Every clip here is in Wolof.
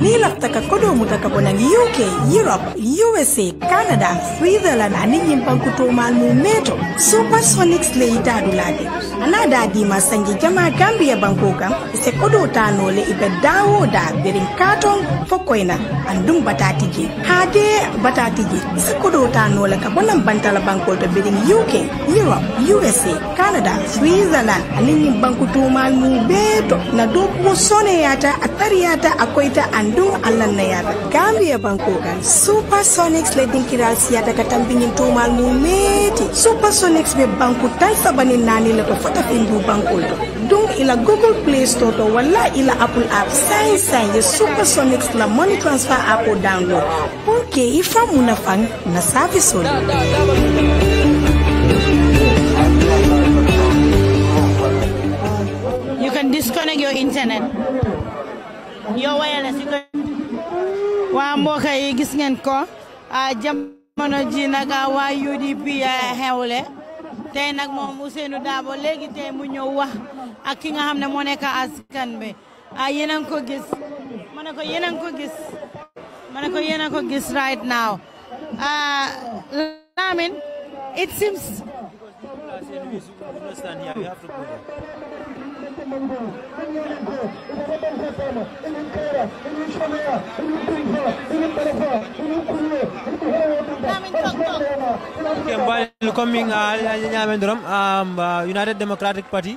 niilattakaa kodon mutaka Ireland, UK, Europe, USA, Canada, Switzerland anin banku to malmu meto. Supersonics le itadulade. Anada di masangi jama Gambia banko kam se kodo tanole ibe Dao da berin katon fokoina andum batati je. Hade batati je se kodo tanole ka bonan bantala banko to UK, Europe, USA, Canada, Switzerland and in to malmu beto na do sone yata a tariyata a koita andum Gambia suriya bankogal kan? supersonics le dinkira siyataka tambinin tumal mu meeti supersonics be banku tan sabani nani la foto fota fe ndu bankol ila google play store to walla ila apple app Sign sain ye ya supersonics la money transfer app o download pour ifa muna fang na service o You can disconnect your internet. Your wireless. You can waa mbokk yi gis ngeen ko ah, jamono ji nag ah, waa UDP ah, xewle tey nag moom Ousainou daabo léegi tey mu ñëw wax ak ki nga xam ne moo nekk askan yéen a ngi ko gis ko yéen a ngi ko gis ma ne ko yéen a ko gis right now Lamin it seems መንጎ እኛንጎ እተተበልተፈለ እንከረ እንሸመያ እንድንፈ እንበለፈ እንኩሎ Okay, while coming ñamedirom uh, united democratic party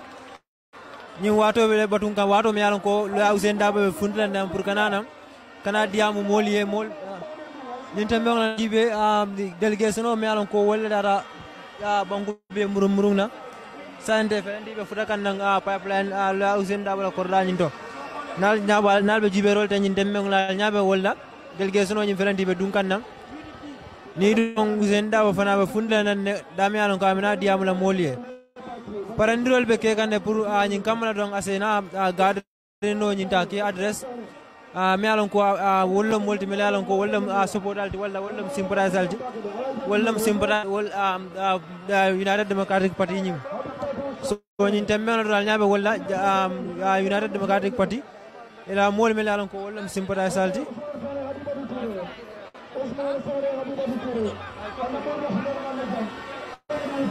ñin wato be batun kan wato mi yalan ko la usen da be fundan nan pour kanana kana diamu mol ye mol ñin tambe ngana dibe delegation o mi yalan ko wala dara ya bangu be murum murum na sante ndi be kan kanang a ah, pipeline a ah, la usine ɗaɓala korɗañin to nal nyabal nal ɓe juuɓe rol teñin demmeglal ñaɓe wolla délégation oñin felantiɓe ɗum kan nan ni ɗum usine ɗaɓa fanaɓe fundilanan ɗamiyalon kamina diyamula mooli e parandirol ɓe kekande pour ñin ah, kammala ɗon asena a nyin ta ke a mi alon ko wollom molti mi alon ko wollom supportalti walla wollom sympathisalti wol a united democratic party nyin soñin tan men oɗo alñaɓe walla united démocratique party ila mooli men laalan ko walla mi simpata e saldi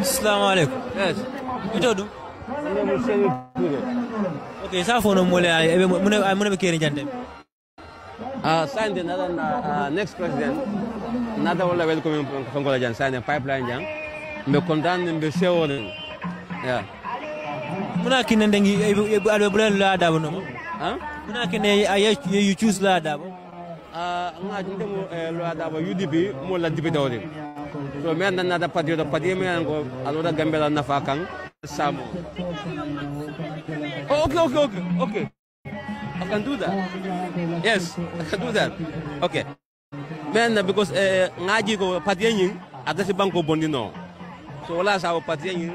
assalamu aleykum yes ito ɗum ok sa fof noon moole muneɓe keeri janteɓe ah, Uh, signed another uh, next president, another one welcoming from Kongola Jan, signed a pipeline Jan. Mbe condemn, mbe share Yeah. muna kine ndengi ada ɓuran laadaba noon muna kine you choose laadaba ngaajindemo laadaba udp mo laddiɓe dawde so mi andan naata padiyo ɗo padiye mi an ko alwota gambela nafa kan samo oh, ok ok ok ok I can do that yes I can do that okay, men because eh, ngaaji ko padiye ñin adasi banko bondino so wala sawo padiye ñin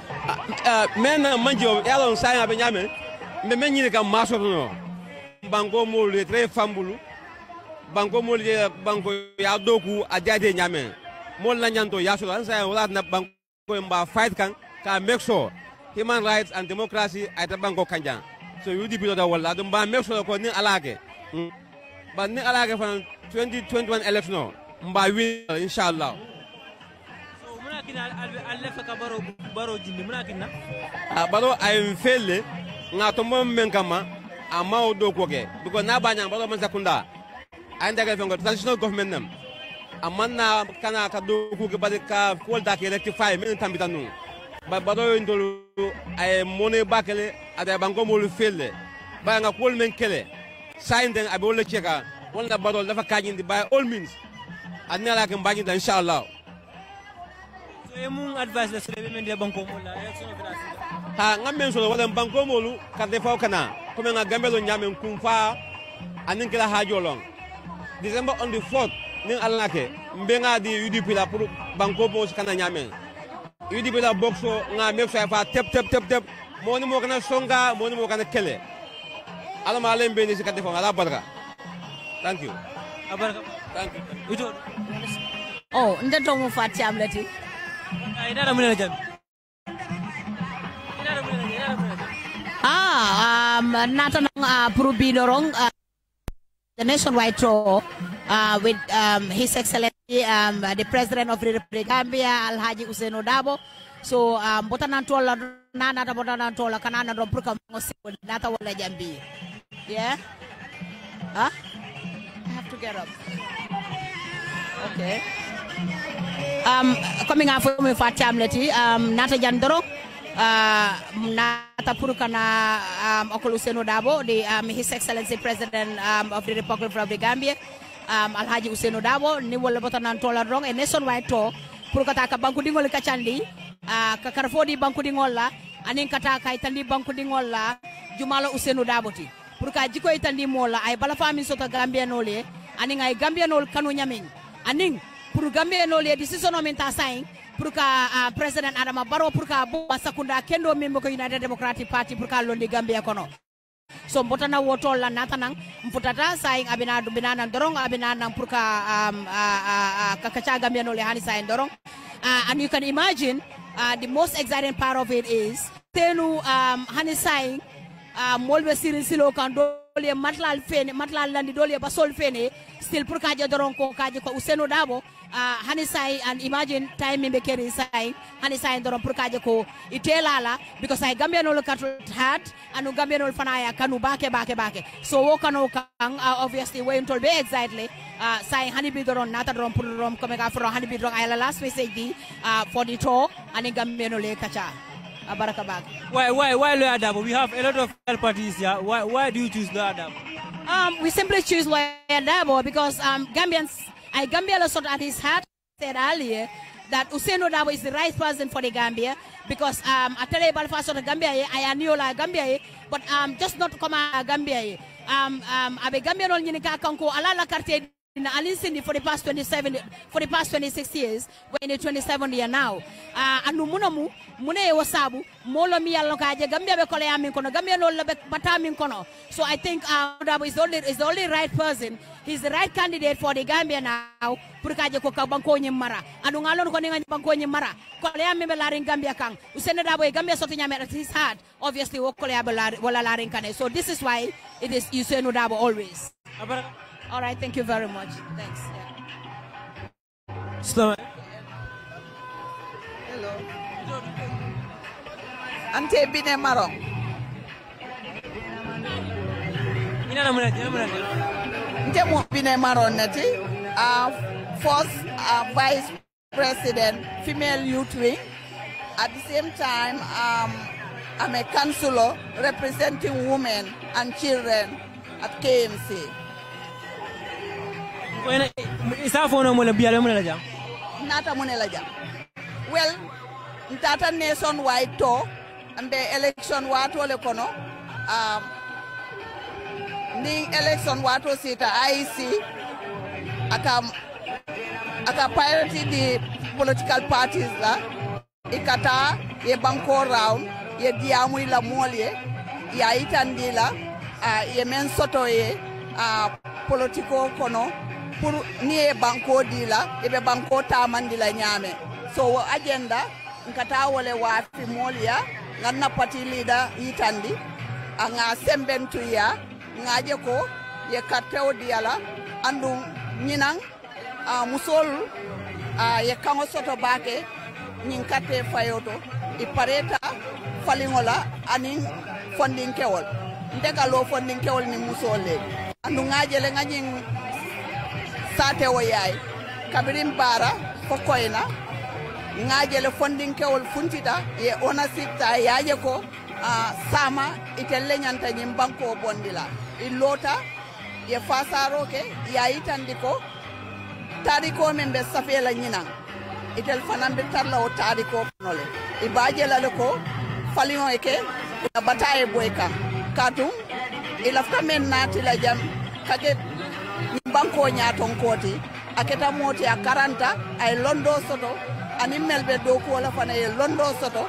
mena ah, manjo ah, yalo sanya be nyame me men eh, nyine kam maso no banko mol le très fambulu banko mol je banko ya doku adade nyame mol la nyanto ya so lan sanya wala na banko mba fight kan ka make sure human rights and democracy ay ta banko kanja so yudi bi da wala dum ba make sure ko ni alage hmm. ban ni alage fan 2021 election mba win inshallah a baro ah, a ye n fele nka tombo min kama a ma o do ko kɛ because n'a b'a ɲa baro man kunda a ye n dagɛ fɛn kɔ transitional government nam a man na kana ka do ko kɛ bari ka kowal da kɛ rectify min tanbita nu bari baro ye n tolu a ye mɔne ba kɛlɛ a da banko m'olu fele bari nka kowal min kɛlɛ saa in tɛ a bɛ olu cɛ kan wala baro lafa k'a ɲini by all means a ne yɛrɛ la n b'a inshallah mun advice da sere men de banko ha ngamen so wala banko mo lu ka de faw kana ko men ngambe lo nyamen anin kila ha jolong december on the 4 nin alla ke mbe nga di udp la pour banko mo kana nyamen udp la boxo nga me fa fa tep tep tep tep mo ni mo kana songa mo mo kana kele ala ma len be ni ka de ala barka thank you abarka thank you ujo oh nda to mo fatiam lati Ah, ah, um, natanong uh, Dorong, uh, the nationwide show uh, with um, His Excellency, um, the President of the Republic of Gambia, Alhaji Hussein Odabo. So, um, botanantola nana da botanantola kanana do purka mo nata wala jambi. Yeah? Huh? I have to get up. Okay. um, coming up from fa tamleti um, nata jandoro uh, nata purukana um, okolusiano dabo the um, his excellency president um, of the republic of the gambia um, alhaji usenu dabo ni wala botanan tola rong e nationwide to pour ka banku dingol ka candi uh, ka karfodi banku dingol la anin kata ka itandi banku dingol la jumalo usenu daboti pour ka jiko itandi mola ay bala fami soto gambianole anin ay nol kanu nyamin anin pour gambiyeno leydi sisono min ta sayin pour ka uh, président adama baro pour ka bowa sakunda kendo min ko united democratic party pour ka londi gambiya kono so mbotana wo tolla nata nan mputata sayin abina bina nan dorong abina nan pour ka um, uh, uh, uh, kakacha le hani sayin dorong uh, and you can imagine uh, the most exciting part of it is tenu um, hani sayin uh, molbe sirin silo kando dole matlal fene matlal landi dole basol fene still pour kaje doron ko kaje ko useno dabo uh, hani sai and imagine time mbe keri sai hani sai doron pour kaje ko itelala because i gambian ol kat hat anu gambian ol fanaya kanu bake bake bake so wo kanu kan uh, ah, obviously we intol be exactly uh, ah, sai hani bi doron nata doron pour rom comme ka fro hani bi doron ay la last message di uh, for the talk ani gambian ol kacha Bag. Why, why, why Lawyer Dabo? We have a lot of parties here. Why, why do you choose Lawyer Dabo? Um, we simply choose Lawyer Dabo because um, Gambians, I Gambia Lawson at his heart said earlier that Usain Dabo is the right person for the Gambia because um, I tell you about first of Gambia, I new like Gambia, but um, just not come out Gambia. Um, um, a Gambia no nyini ka kanko alala karte In Alisindi for the past 27 for the past 26 years we're in the 27 year now uh, ah, and anu mu mune wasabu molo mi yalla ka je gambia be kole amin kono gambia no be bata min kono so i think uh, ah, dabo is only is only right person he's the right candidate for the gambia now pour ka je ko ka banko nyim mara anu ngalon ko ni ngani banko nyim mara kole amin be larin gambia kan usene dabo e gambia soto nyame at his heart obviously wo kole abe wala larin kane so this is why it is usene dabo always All right, thank you very much. Thanks. Yeah. Slow. Hello. Ante bine maro. Ina na muna, ina muna. Uh, first uh, vice president, female youth wing. At the same time, um, I'm a counselor representing women and children at KMC. wena isa fono mo le biyale mo le jam nata mo ne la well ntata nation wide to mbe election wato le kono um ni election wato sita IEC aka aka priority di political parties la ikata ye banko round ye diamu ila molye ya itandila uh, ye men soto ye uh, politiko kono pour nié ye di la i e be banko taamandi la nyame so wo agenda nka taa wo le molia moolu na pati liida yitandi a ŋa sembentu ya ŋa je ko ye kartewo di la andu ñinaŋ a musoolu a ye kaŋo soto baake ñiŋ karte fayoto to i pareta faliŋo la aniŋ fondinkewol nte ka loo fondinkewol niŋ musoolu le andu ŋa je le ŋa ñiŋ sate wo yaay kabirin bara fokoyna ŋaajele fondinkewol funtita ye onasipta yaaje ko uh, sama ite ñanta ñin banko bondi la loota ye fasaro ke yayitandi ko tariko min be la ñinan itel fanan be tarla o tariko kono le i baajelale ko faliŋo e ke ina bataye boy kan katum i lafta men la jam kake banko ñaton kooti a keta moti a karanta ay londo soto anin melɓe dow kuwola fana ye londo soto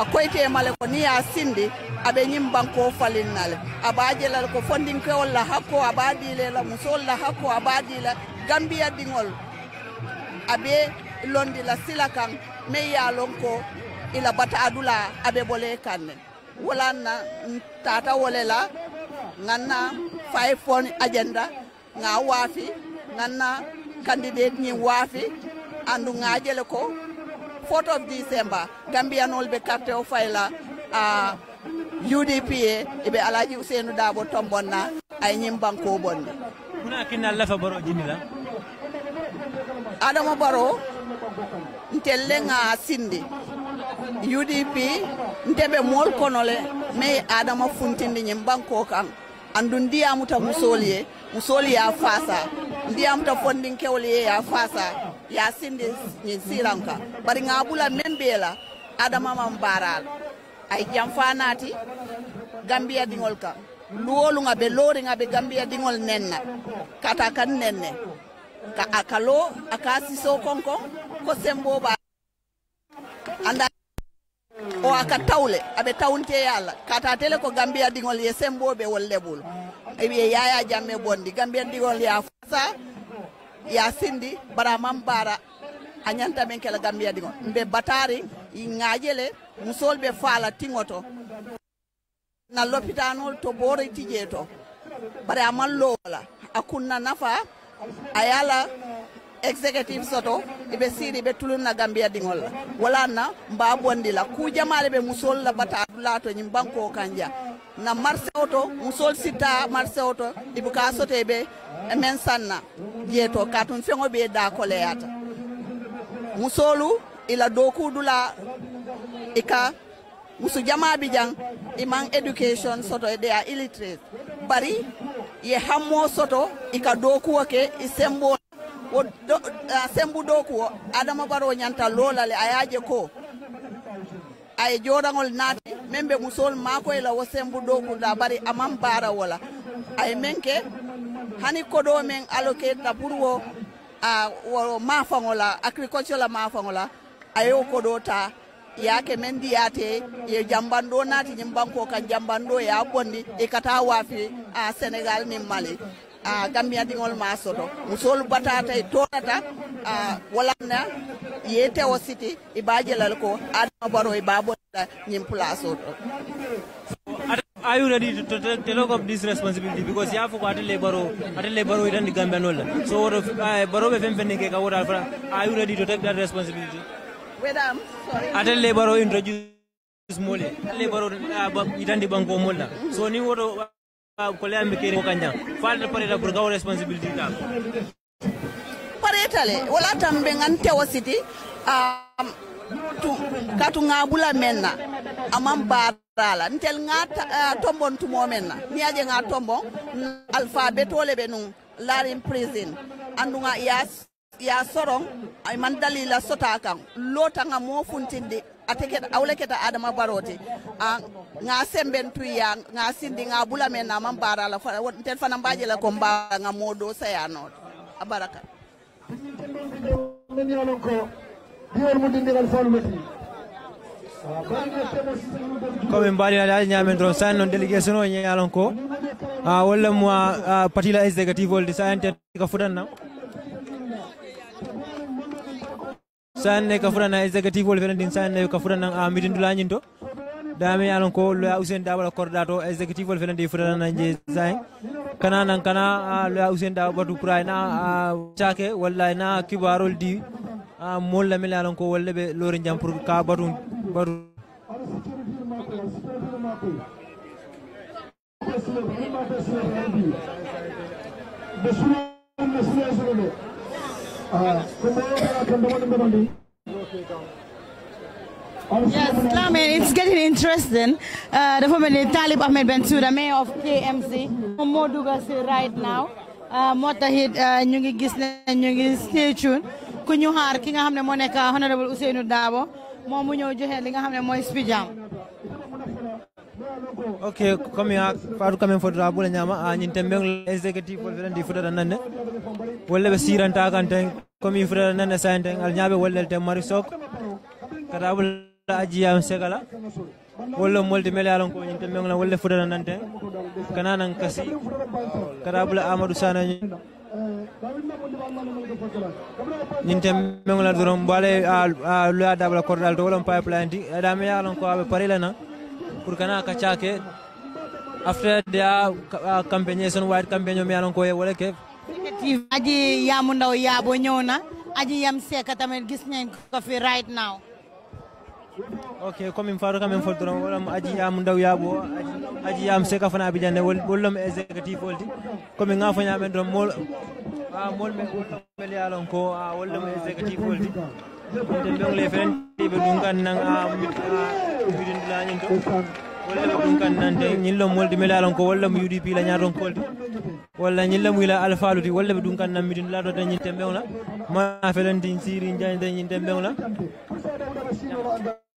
a koyte male ko ni ya sindi aɓe ñin banko falinnale aɓa jelal ko fondinkewol la hakko aɓa la musol la hakko aɓa dila gambiya ɗiŋol aɓe la sila kan mai ya ko ila bata adula aɓe bole kanne wolanna tata wolela ganna fay fon agenda nga waafi nganna candidate ñi waafi andu nga jele ko 4th of December gambiyanol be carte o fayla a uh, UDPA e, ibe alaji Usenu Dabo tombonna ay ñim banko bonde muna kinna lafa baro jini la adama baro ntelle nga sindi UDP ntebe mol konole me adama funtindi ñim banko kan andu ndiyamuta musoli usoli ya fasa ndiyam ta funding kewle ye ya fasa ya sindi ni silanka bari ngabula bula ada mama la adama ay jam fanati gambia dingol kan luwolu be lori ngabe be gambia dingol nenna kata kan nenne ka akalo akasi so konko ko sembo ba anda o aka tawle abe taunte yalla kata tele ko gambia dingol ye sembo be wol lebul ewiye yaya jamme bondi gambien ndigol ya fasa ya sindi bara mambara a men kela gambiya ɗigon mbe batari ngajele musol ɓe faala tiŋoto na lopitanol to bore tijeto to bari aman lowola a kunna nafa a executive soto iɓe siiri ɓe tulunna gambiya ɗiŋol la wala na mba bondi la ku be ɓe musol la batadu lato ñin banko kanja na marché oto musol sitta marché oto ibuka sote be men sanna jeeto katun fengo be da koleyata musolu ila dula ika musu jama bi jang imang education soto e dea illiterate bari ye hammo soto ika doku ke isembo o wo do, uh, sembu doku adama baro ñanta lolale ayaje ko ay jodangol nati min be musol mako ila wo sembuɗo da bari aman bara wala ay min ke hani kodo min aloke ta pour wo a wo mafaŋo la agriculture la maafaŋo la a ye wo koɗo ta yake men diyate ye jambanɗo naati ñimbanko kan jambanɗo ya bondi e kata waafi a sénégal niŋ mali uh, ah, gambiyandiŋol ma soto musolu batata e tonata uh, ah, walanna ye tewo siti i ba jelal ko adama baro i ba bonta ñin place o to Are you ready to, to, to take up this responsibility? Because you have to atle baro, atle baro idan di Gambian So what if uh, baro be fem ke ka what Are you ready to take that responsibility? Wait, I'm um, sorry. Atle baro introduce mole. Atle baro ah, idan di banko mola. So ni what koleambe keri ko kanjam falde pareta pour gaw responsibility kam pareta e le wala tambe ngan tewo siti um, tu, katu ngabula menna amam barala ntel nga uh, tombon tumo menna niaje nga tombon alphabet wole be nun larin prison andunga yas ya sorong ay man dalila sota kan lota nga mo funtinde ate keta keta adama barote a nga semben tuya nga sindi nga bula men na man bara la ten fana mbaje la komba nga modo sayano abaraka men yalon ko diwol mu dindigal fon meti komi mbaɗinade ñamen toon sani noon délégation o ñeñalon ko walla mo la exécutive olde sa enten ka fuɗatnam sanne ka furana exécutif wol fenandin sanne ka furana a midin dulañin to dami alan ko loya usen dawala korda to exécutif wol fenandi furana je zain kana nan kana loya usen dawa batu pray na chake walla na kibarol di molla mel alan ko wolle be lori jam pour ka batu batu Besmele, besmele, Yes, Lamin, it's getting interesting. Uh, the former Talib Ahmed Bensouda, mayor of KMC, Mo Duga right now. Mo um, taxit uh, ñu ngi gis ne ñu ngi stay tuned ku ñu xaar ki nga xam ne honorable Ousseynou Dabo moom mu ñëw nga ok comme ya fatou quand même fotota ɓuura ñama a ñin tembe exécutif wolfeɗen ndi futata nande wolle ɓe siranta kan ten comme i futata nanne sayen ten ala ñaaɓe wollel ten mari sok kata ɓula a jiyam segala wolle molti mele alon ko ñin tembe la wolle futata nan ten kana nan kasi kata ɓula amadou sane ñin tembe la doron mbo ala a loya dabla kordal to wolon pipeline ti aɗame yaalon ko aɓe parilana pour ka chake after the uh, campaign nation wide campaign yo miano ko e wala ke aji yamu ndaw bo ñewna aji yam seka tamit gis nañ ko fi right now ok komin fato kamin foddoroma wollam aji yam daw yaaɓo o aji yam seka fana abidjan nde wollam exécutif olti komin gafoñamen ɗon mol a molmen wollamel yalon ko a wollam exécutif olti ete begle fenandiɓe ɗum kan nan a miɗin dulañin to wollama ɗum kan nande ñillom wolde mel yalon ko wollamo udp la ñaton kolde walla ñillamo wila alfaluti wallaɓe ɗum kan nan miɗin dulaɗo dañin temɓewla ma felandi siri jañi dañin temɓewla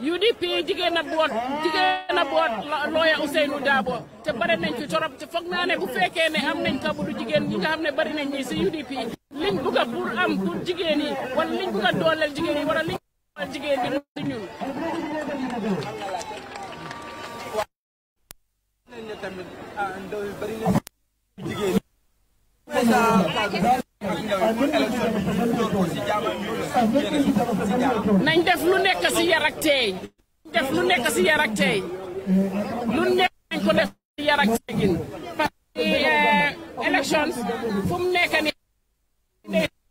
UDP jigéen a boot jigéen a boot looya Ousainou Darboe te bari nañ ci torop te foog naa ne bu fekkee ne am nañ jigéen ñi nga xam ne bari nañ ñi si UDP liñ bugg a pour am pour jigéen wala liñ bugg a dooleel jigéen wala liñ dooleel jigéen bi si ñun tamit ndaw nañ def lu nekk si yar ak teey def lu nekk si yar ak teey lu nekk nañ ko def si yar ak teegin parce que élections euh, fu mu nekk ni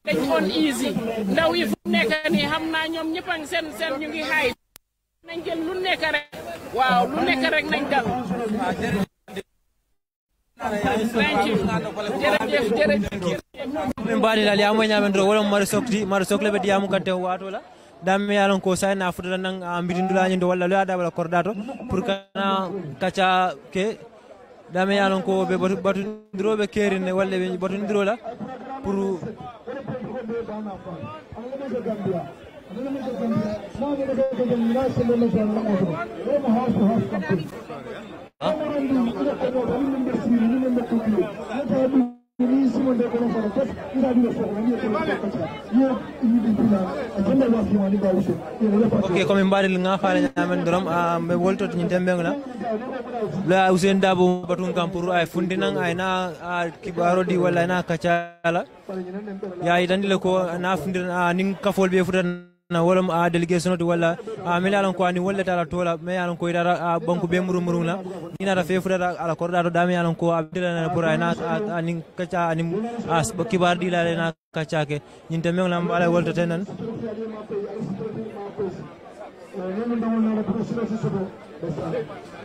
dañ on easy ndaw yi fu mu nekk ni xam naa ñoom ñëpp seen seen ñu ngi xaay nañ jël lu nekk rek waaw lu nekk rek nañ dal min mbaɗi lali amo ñamen to wolon mara sokti mara sohle ɓe ɗiyamu kante o watola damme yalon ko sayna a futata nan a ah, mbitindulañinde walla lo yaɗa wala korda to pour kana kaca ke dame yalon ko ɓe batodiroɓe kerine walla ɓe batodirola pour Thank you. Oke, kami ok komin mbaɗi gafare ñamen dorom ɓe woltoto ñin tembegla la usen dabo batun fundi nang, ay na kibaro a kibarodi walla ayna Ya, ini dandile ko na fundi a ning kafol be futan na wala a delegation to wala a mel ko ani wala tala tola me yalan ko ida a banku be murum murum na ni na fe fura ala ko da da me yalan ko abdela na pura na ani kacha ani as kibar di la na kacha ke ni te me ngam ala wolta tenan Thank do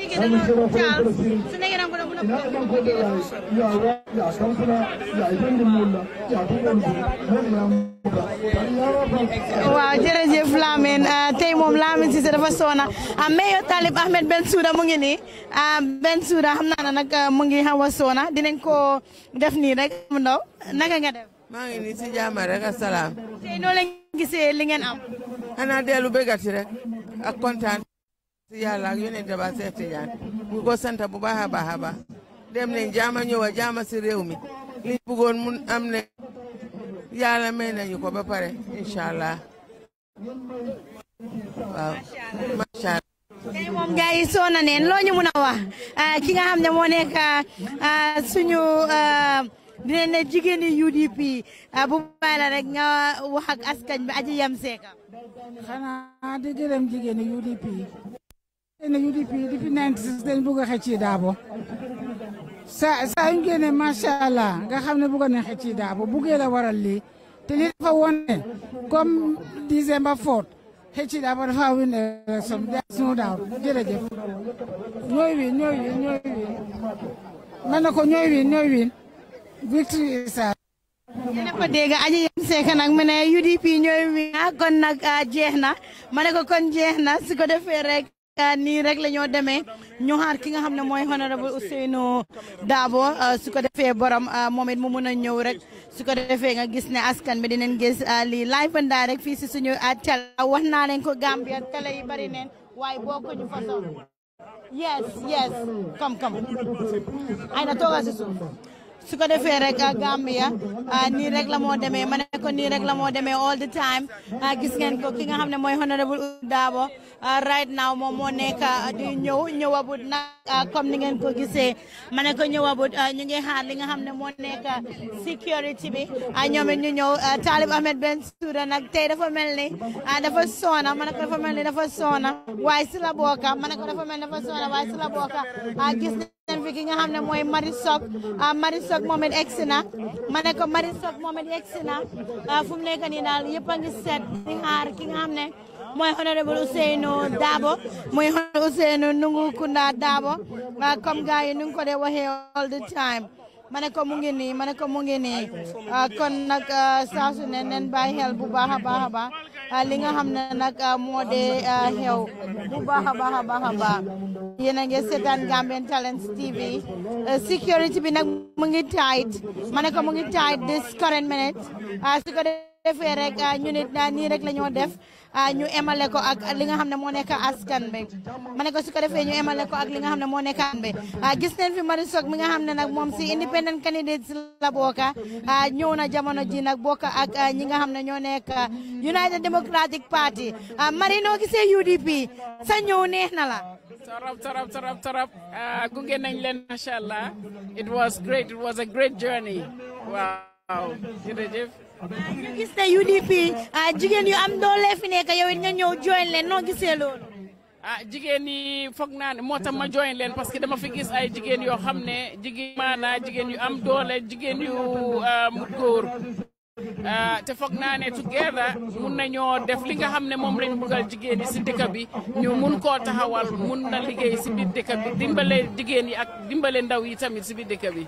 speaking and Lord Charles, mom and Guna waaw jërëjëf Lamine tey meyo Talib Ahmed Bensouda mu ngi nii ah, Bensouda xam naa ne eh, nag mu ngi xaw a soona dinañ ko def nii rek mu ndaw naka nga def maa ngi nii si jàmm rek asalaam tey noo leen gisee li ngeen am xanaa dellu bégati rek ak kontaan si yàlla ak yonent ba sant bu baax a baax a baax dem nañ jaama ñëw a si réew mi liñ bëggoon mun am ne yàlla may nañu ko ba pare incha allah waaw macha allah. tey moom gars yi soo na mun a ah, ki nga xam ne moo nekk ah, suñu ah, dina ne jigéeni UDP bu baax la rek nga wax ak bi aji yam seeka xanaa di gërëm jigéeni UDP nañu depuis depuis 96 dañ bëgg a allah nga xam ne bëgg na xëcc daabo buggee a waral lii te lii dafa wone comme December 4th xëcc dafa win élection that's no doubt na ko ñooy win ñooy win victory ko nag mu ne ah, kon ah, jeex na ma ne na su ko defee rek nii rek la ñoo demee ñu ki nga xam ne mooy honorable Ousseynou Dabo euh, su ko defee borom euh, moom it mu mun a ñëw rek su ko defee nga gis ne askan bi dinañ gis euh, lii live and rek fii si suñu cal wax naa leen ko Gambia télé yi bari waaye boo ko ñu façon yes yes come come ay na toogal si suuf su ko defee rek a ah, Gambia ah, nii rek la moo demee ma ne ko nii rek la moo demee all the time ah, gis ngeen ko ki nga xam ne mooy honorable Dabo right now moom moo nekk di ñëw ñëwabut nag comme ni ngeen ko gisee ma ne ko ñëwabut ñu ngi xaar li nga xam ne moo nekk security bi ñoom it ñu ñëw Talib Ahmed Bensouda nag tey dafa mel ni dafa soona ma ne dafa mel ni dafa soona waaye si la bokka ma ne ko dafa mel ni dafa soona waaye si la bokka gis bi gi nga xam ne mooy Marie Sock ah, Marie Sock moom it egsi na ma ne ko Marie Sock moom it egsi na ah, fu mu nekk nii daal yëpp a ngi seet di xaar ki nga xam ne mooy honorable Ousseynou Dabo mooy honorable Ousseynou Nungu Kunda Dabo ah, comme gars yi nu ko dee waxee all the time ma ne ko mu ngi nii ma ne ko mu ngi ah, kon nag ah, saa su ne nen bàyyi xel bu baax a baax a baax ah, li nga xam ne nag moo dee xew bu baax a baax a baax a baax yéen a ngi seetaan Gambian Talents TV security bi nag mu ngi tight ma ne ko mu ngi tight this current minute su ko defee rek a ñu nit nii rek la ñoo def Ah, ñu emale ko ak li nga xam ne moo nekk askan bi ma ne ko su ko defee ñu emale ko ak li nga xam ne moo nekk askan bi ah, gis neen fi Mary Sock mi nga xam ne nag moom si independent candidate la bokka ah, ñëw na jamono ji nag booka ak ñi nga xam ne ñoo nekk United Democratic Party Mary noo gisee UDP sa ñëw neex na la Tarap, tarap, tarap, tarap. Uh, it was great. It was a great journey. waaw jërëjëf. Ah, jigéen yu am doole fi nekk nga ñëw join leen noo gisee loolu. ah jigéen yi foog naa ne moo tax ma join leen parce que dama fi gis ay jigéen yoo xam ne jigéen maanaa jigéen yu am doole jigéen yu ah, mu ah, te foog naa ne together mun def li nga xam ne moom lañ jigéen yi si dëkk bi ñu koo taxawal mun na liggéey si biir dëkk jigéen yi ak dimbale ndaw yi tamit si biir dëkk bi.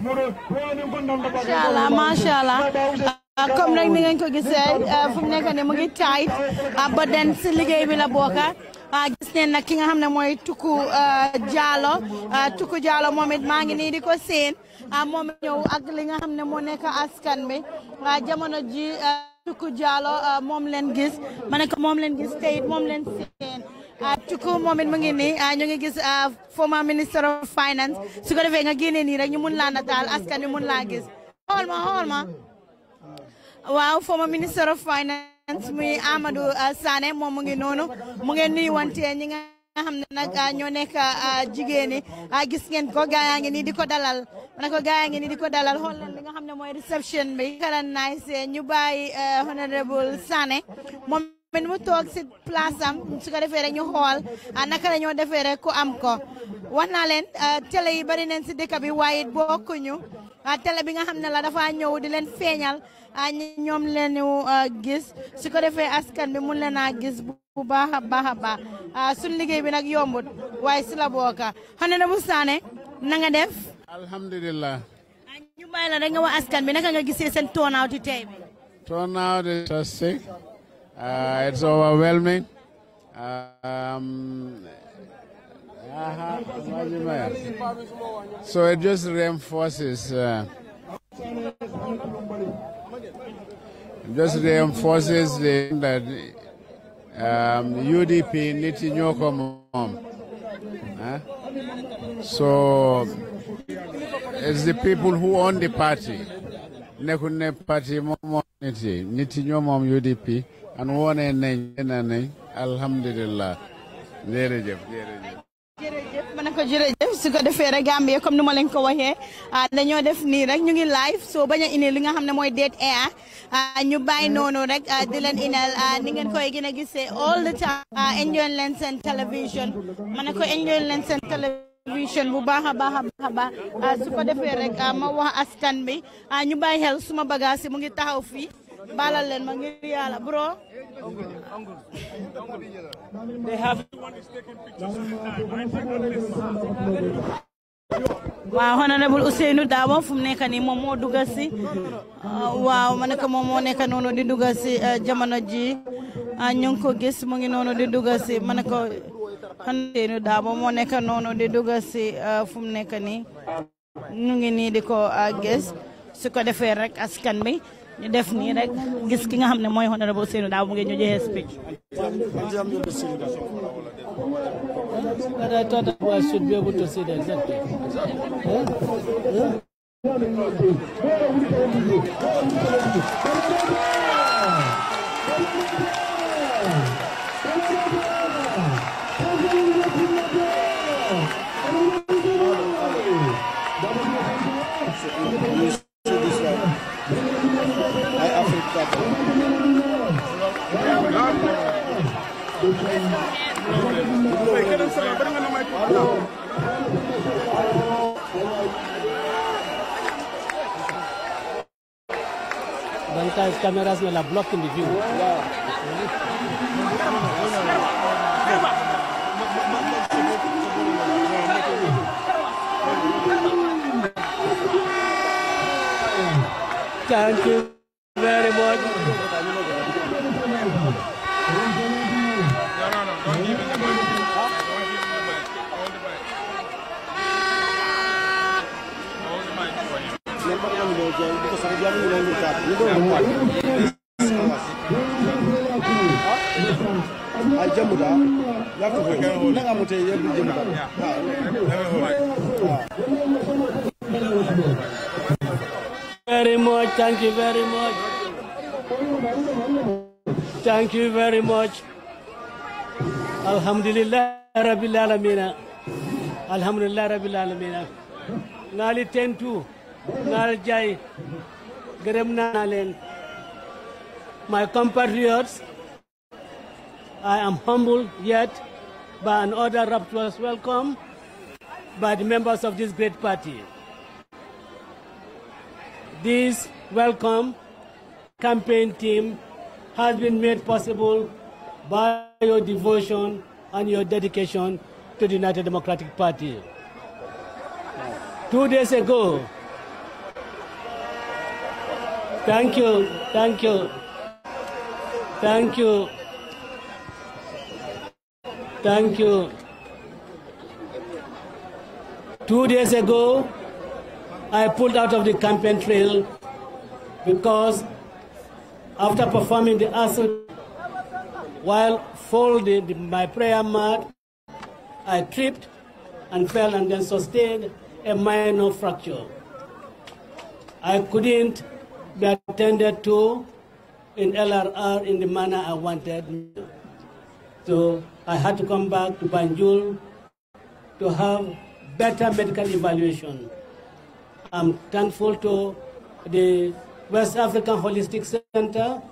macha allah macha allah ah, comme nag ni ko gisee ah, fu mu nekk nii mu ngi ah, den si liggéey bi la bokka gis neen nag ki nga xam ne mooy Tuku Jaalo Tuku Jaalo moom it maa ngi nii di ko seen moom ñëw ak li nga xam ne moo nekk askan bi jamono ji Tuku Jaalo moom leen gis ma ne moom leen gis teyit moom leen seen Ah, cuku moom it mu ngi nii ah, ñu ngi gis a ah, former minister of finance su ko defee nga génne nii rek ñu mun laa nataal askan wi mun laa gis xool ma xool ma waaw former minister of finance muy Amadou Sané moom mu ngi noonu mu ngi nuyuwante ñi nga xam ne nag ñoo nekk jigéen ñi gis ngeen ko gaa yaa ngi nii di ko dalal ma ne ko ngi nii di ko dalal xool li nga xam ne mooy reception bi. karan nice ñu bàyyi honorable Sané moom ba mu toog si place am su ko defee rek ñu xool ah, naka la defee rek ku am ko wax naa leen ah, télé yi bari neen si dëkk bi waaye it bokkuñu ah, télé bi nga xam ne la dafa ñëw di leen feeñal ñoom leen gis su ko defee askan bi mun leen a gis bu baax a baax a baax suñ liggéey bi nag yombut waaye si la booka xane na bu saane na nga def alhamdulillah ñu bàyyi la rek nga wax askan bi naka nga gisee seen toonaaw di tey Uh, it's overwhelming. Um, so it just reinforces. Uh, just reinforces the, that um, UDP needs new come home. So it's the people who own the party. Nekune party mom unity, niti nyomom UDP. an wone nañ ena nañ alhamdulillah jërëjëf jërëjëf jërëjëf mën na ko jërëjëf su ko defee rek Gambie comme ni ma leen ko waxee ah, dañoo def nii rek ñu ngi live soo bañ a indi li nga xam ne mooy dead air ah, ñu bàyyi noonu rek ah, di leen inal ni koy gën a gisee all the time enjoy leen seen télévision mën na enjoy leen seen télévision bu baax a baax a baax su ko defee rek ma wax askan bi ñu bàyyi xel suma bagage yi mu ngi taxaw fii balal leen ma ngir yàlla bro. waaw honorable Ousseynou Dabo fu mu nekk nii moom moo dugal si uh, waaw ma ne moom moo nekk di dugal si uh, jamono ji uh, ñu ngi ko gis mu ngi noonu di dugal si ma moo nekk noonu di dugal si fu mu nekk nii ñu ngi nii di ko gis ko defee rek askan bi. ñu def nii rek gis ki nga xam ne mooy honorable Ousainou Darboe mu ngi ñu joxe speech. But I thought Banta's cameras will are blocking the view. Thank you. Very much. Thank you very much. Thank you very much. Alhamdulillah Rabbil alamin. Alhamdulillah Rabbil alamin. Nali 10 2. Nali my compatriots, I am humbled yet by an order rapturous welcome by the members of this great party. This welcome campaign team has been made possible by your devotion and your dedication to the United Democratic Party. Two days ago, Thank you. Thank you. Thank you. Thank you. Two days ago, I pulled out of the campaign trail because after performing the asset while folding my prayer mat, I tripped and fell and then sustained a minor fracture. I couldn't that attended to in LRR in the manner I wanted. So I had to come back to Banjul to have better medical evaluation. I'm thankful to the West African Holistic Center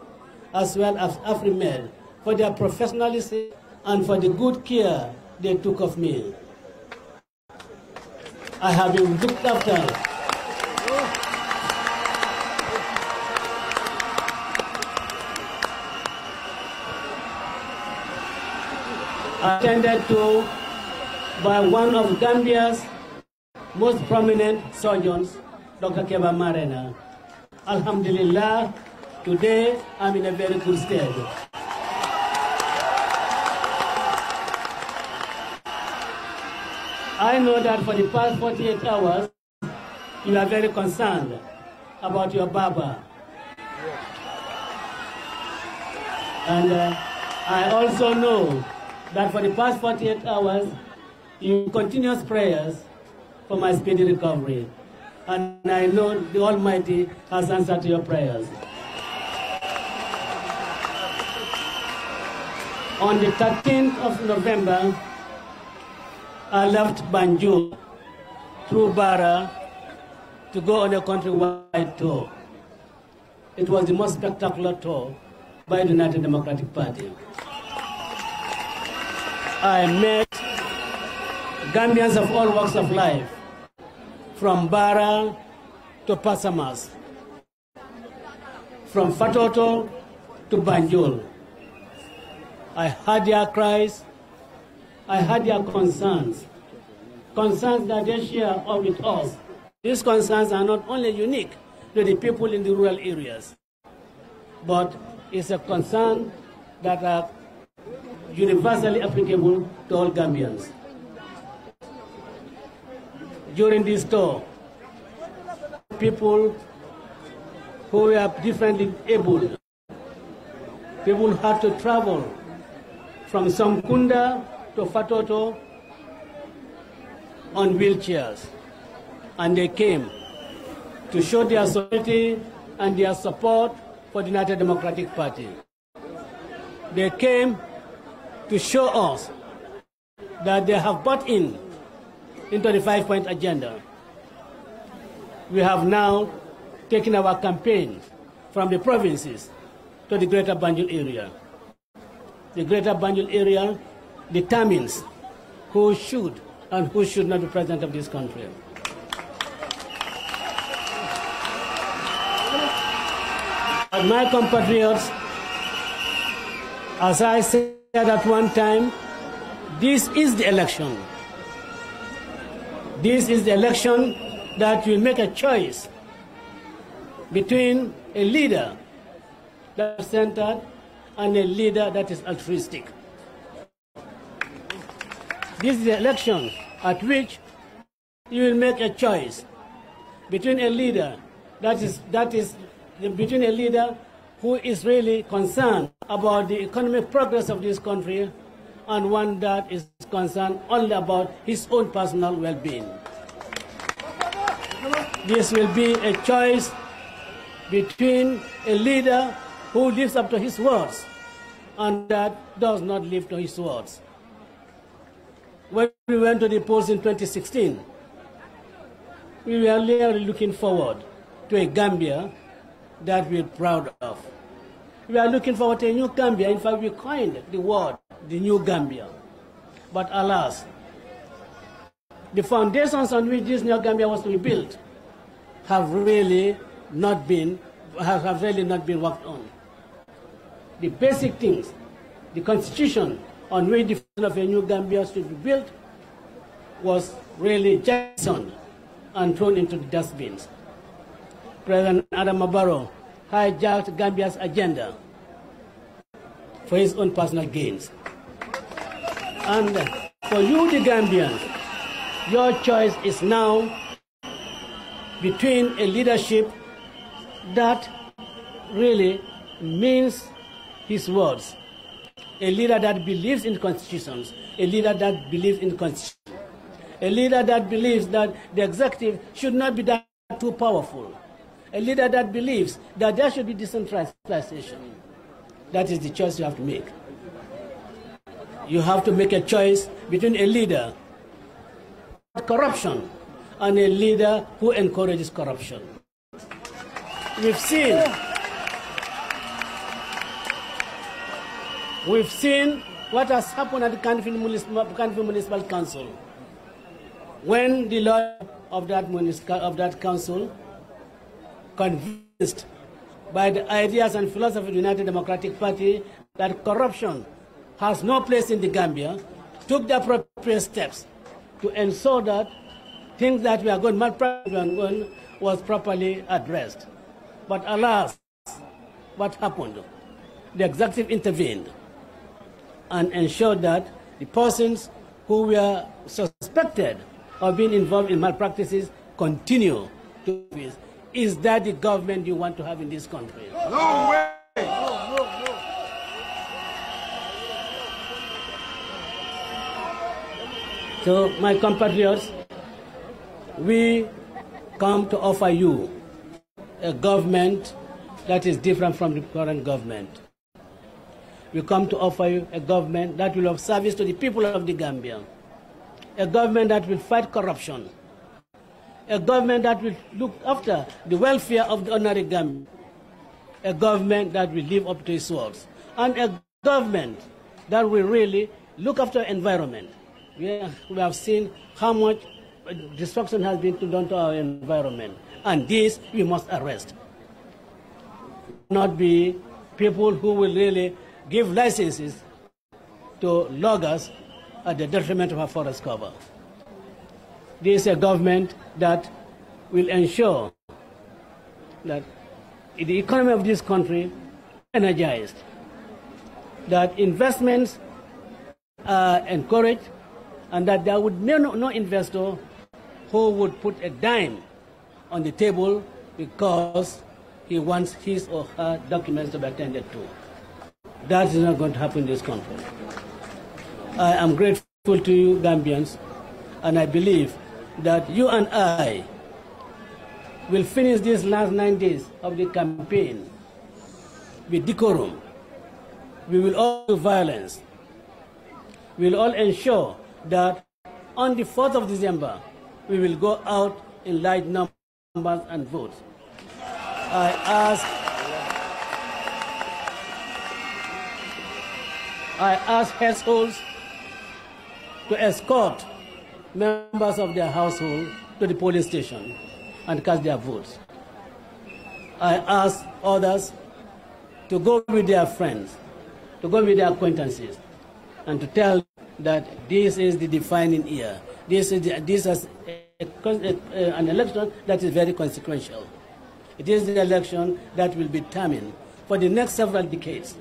as well as AfriMed for their professionalism and for the good care they took of me. I have been looked after. attended to by one of Gambia's most prominent surgeons, Dr. Keba Marena. Alhamdulillah, today I'm in a very good state. I know that for the past 48 hours, you are very concerned about your Baba, And uh, I also know that for the past 48 hours, in continuous prayers for my speedy recovery. And I know the Almighty has answered your prayers. On the 13th of November, I left Banjul through Barra to go on a countrywide tour. It was the most spectacular tour by the United Democratic Party. I met Gambians of all walks of life, from Bara to Pasamas, from Fatoto to Banjul. I heard their cries, I heard their concerns, concerns that they share with us. These concerns are not only unique to the people in the rural areas, but it's a concern that are universally applicable to all Gambians. During this tour, people who are differently able, people had to travel from Samkunda to Fatoto on wheelchairs. And they came to show their solidarity and their support for the United Democratic Party. They came to show us that they have bought in into the five-point agenda. We have now taken our campaign from the provinces to the greater Banjul area. The greater Banjul area determines who should and who should not be president of this country. my compatriots, as I said, said at one time, this is the election. This is the election that will make a choice between a leader that is centered and a leader that is altruistic. This is the election at which you will make a choice between a leader that is, that is between a leader who is really concerned about the economic progress of this country and one that is concerned only about his own personal well-being. This will be a choice between a leader who lives up to his words and that does not live to his words. When we went to the polls in 2016, we were really looking forward to a Gambia that we're proud of. We are looking forward to a new Gambia. In fact, we coined the word the new Gambia. But alas, the foundations on which this new Gambia was to be built have really not been have really not been worked on. The basic things, the constitution on which the foundation of a new Gambia should be built was really jettisoned and thrown into the dustbins. President Adam Barrow hijacked Gambia's agenda for his own personal gains. And for you, the Gambians, your choice is now between a leadership that really means his words, a leader that believes in constitutions, a leader that believes in constitutions, a leader that believes that the executive should not be that too powerful a leader that believes that there should be decentralization. That is the choice you have to make. You have to make a choice between a leader corruption and a leader who encourages corruption. We've seen we've seen what has happened at the Kanfin Municipal, Municipal Council when the law of that, of that council convinced by the ideas and philosophy of the United Democratic Party that corruption has no place in the Gambia, took the appropriate steps to ensure that things that were going malpractice was properly addressed. But alas, what happened? The executive intervened and ensured that the persons who were suspected of being involved in malpractices continue to be is that the government you want to have in this country? No way! No, no, So, my compatriots, we come to offer you a government that is different from the current government. We come to offer you a government that will have service to the people of the Gambia, a government that will fight corruption, a government that will look after the welfare of the ordinary Gambian, a government that will live up to its words, and a government that will really look after the environment. We, have seen how much uh, destruction has been done to our environment, and this we must arrest. Not be people who will really give licenses to loggers at the detriment of our forest cover this a government that will ensure that the economy of this country energized, that investments are encouraged, and that there would no, no investor who would put a dime on the table because he wants his or her documents to be attended to. That is not going to happen in this country. I am grateful to you, Gambians, and I believe that you and I will finish these last nine days of the campaign with decorum. We will all do violence. We will all ensure that on the 4th of December, we will go out in large numbers and vote. I ask, I ask households to escort members of their household to the polling station and cast their votes. I ask others to go with their friends, to go with their acquaintances, and to tell that this is the defining year. This is, the, this is a, a, a, an election that is very consequential. It is the election that will determine for the next several decades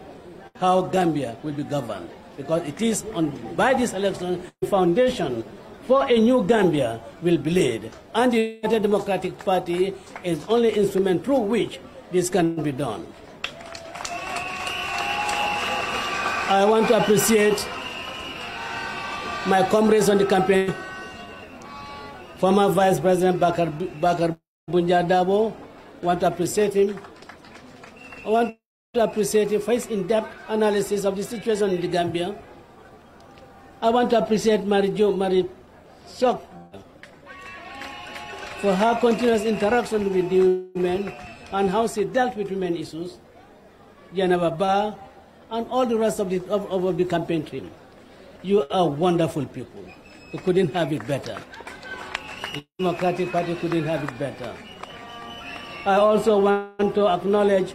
how Gambia will be governed because it is on, by this election the foundation for a new Gambia will be led. And the United Democratic Party is only instrument through which this can be done. I want to appreciate my comrades on the campaign, former Vice President Bakar, Bakar Dabo. I want to appreciate him. I want to appreciate him for his in-depth analysis of the situation in the Gambia. I want to appreciate Marie, jo, Marie shocked for her continuous interaction with the women and how she dealt with women issues, Janaba Ba, and all the rest of the, of, of the campaign team. You are wonderful people. You couldn't have it better. The Democratic Party couldn't have it better. I also want to acknowledge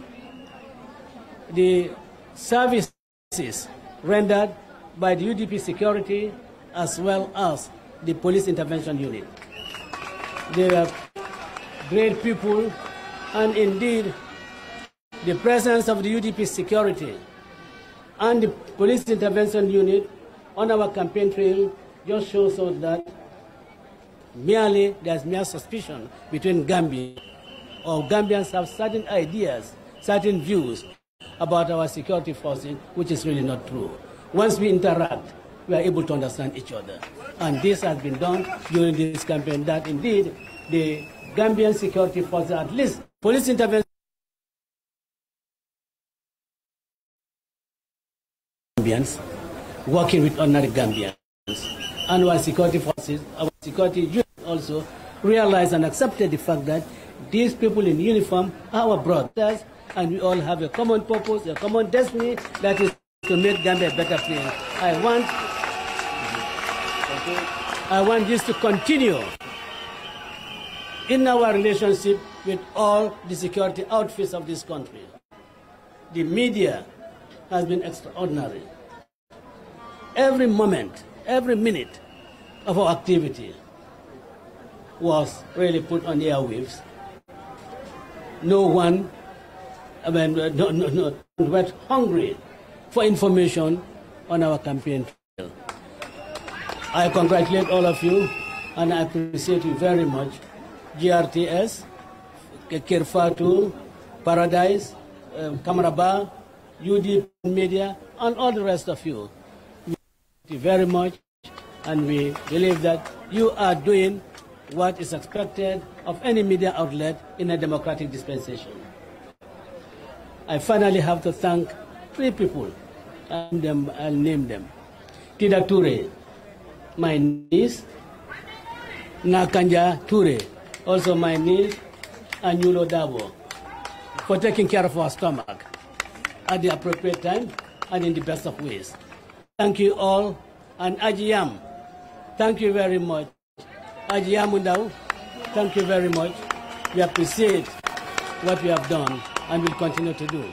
the services rendered by the UDP security as well as the police intervention unit. They are great people, and indeed, the presence of the UDP security and the police intervention unit on our campaign trail just shows us that merely there's mere suspicion between Gambians, or Gambians have certain ideas, certain views about our security forces, which is really not true. Once we interact, we are able to understand each other. And this has been done during this campaign that indeed the Gambian security forces, at least police intervention, Gambians, working with ordinary Gambians, and our security forces, our security units also realized and accepted the fact that these people in uniform are our brothers, and we all have a common purpose, a common destiny that is to make Gambia a better place. I want I want this to continue in our relationship with all the security outfits of this country. The media has been extraordinary. Every moment, every minute of our activity was really put on the airwaves. No one, I mean, no, no, no, went hungry for information on our campaign trail. I congratulate all of you and I appreciate you very much. GRTS, Kirfatu, Paradise, um, Kamaraba, UD Media, and all the rest of you. thank you very much and we believe that you are doing what is expected of any media outlet in a democratic dispensation. I finally have to thank three people, and I'll name them. Tida my niece, Nakanja Ture, also my niece, Anulo Dabo, for taking care of our stomach at the appropriate time and in the best of ways. Thank you all, and Ajiyam, thank you very much. Ajiyam Undau, thank you very much. We appreciate what you have done and will continue to do.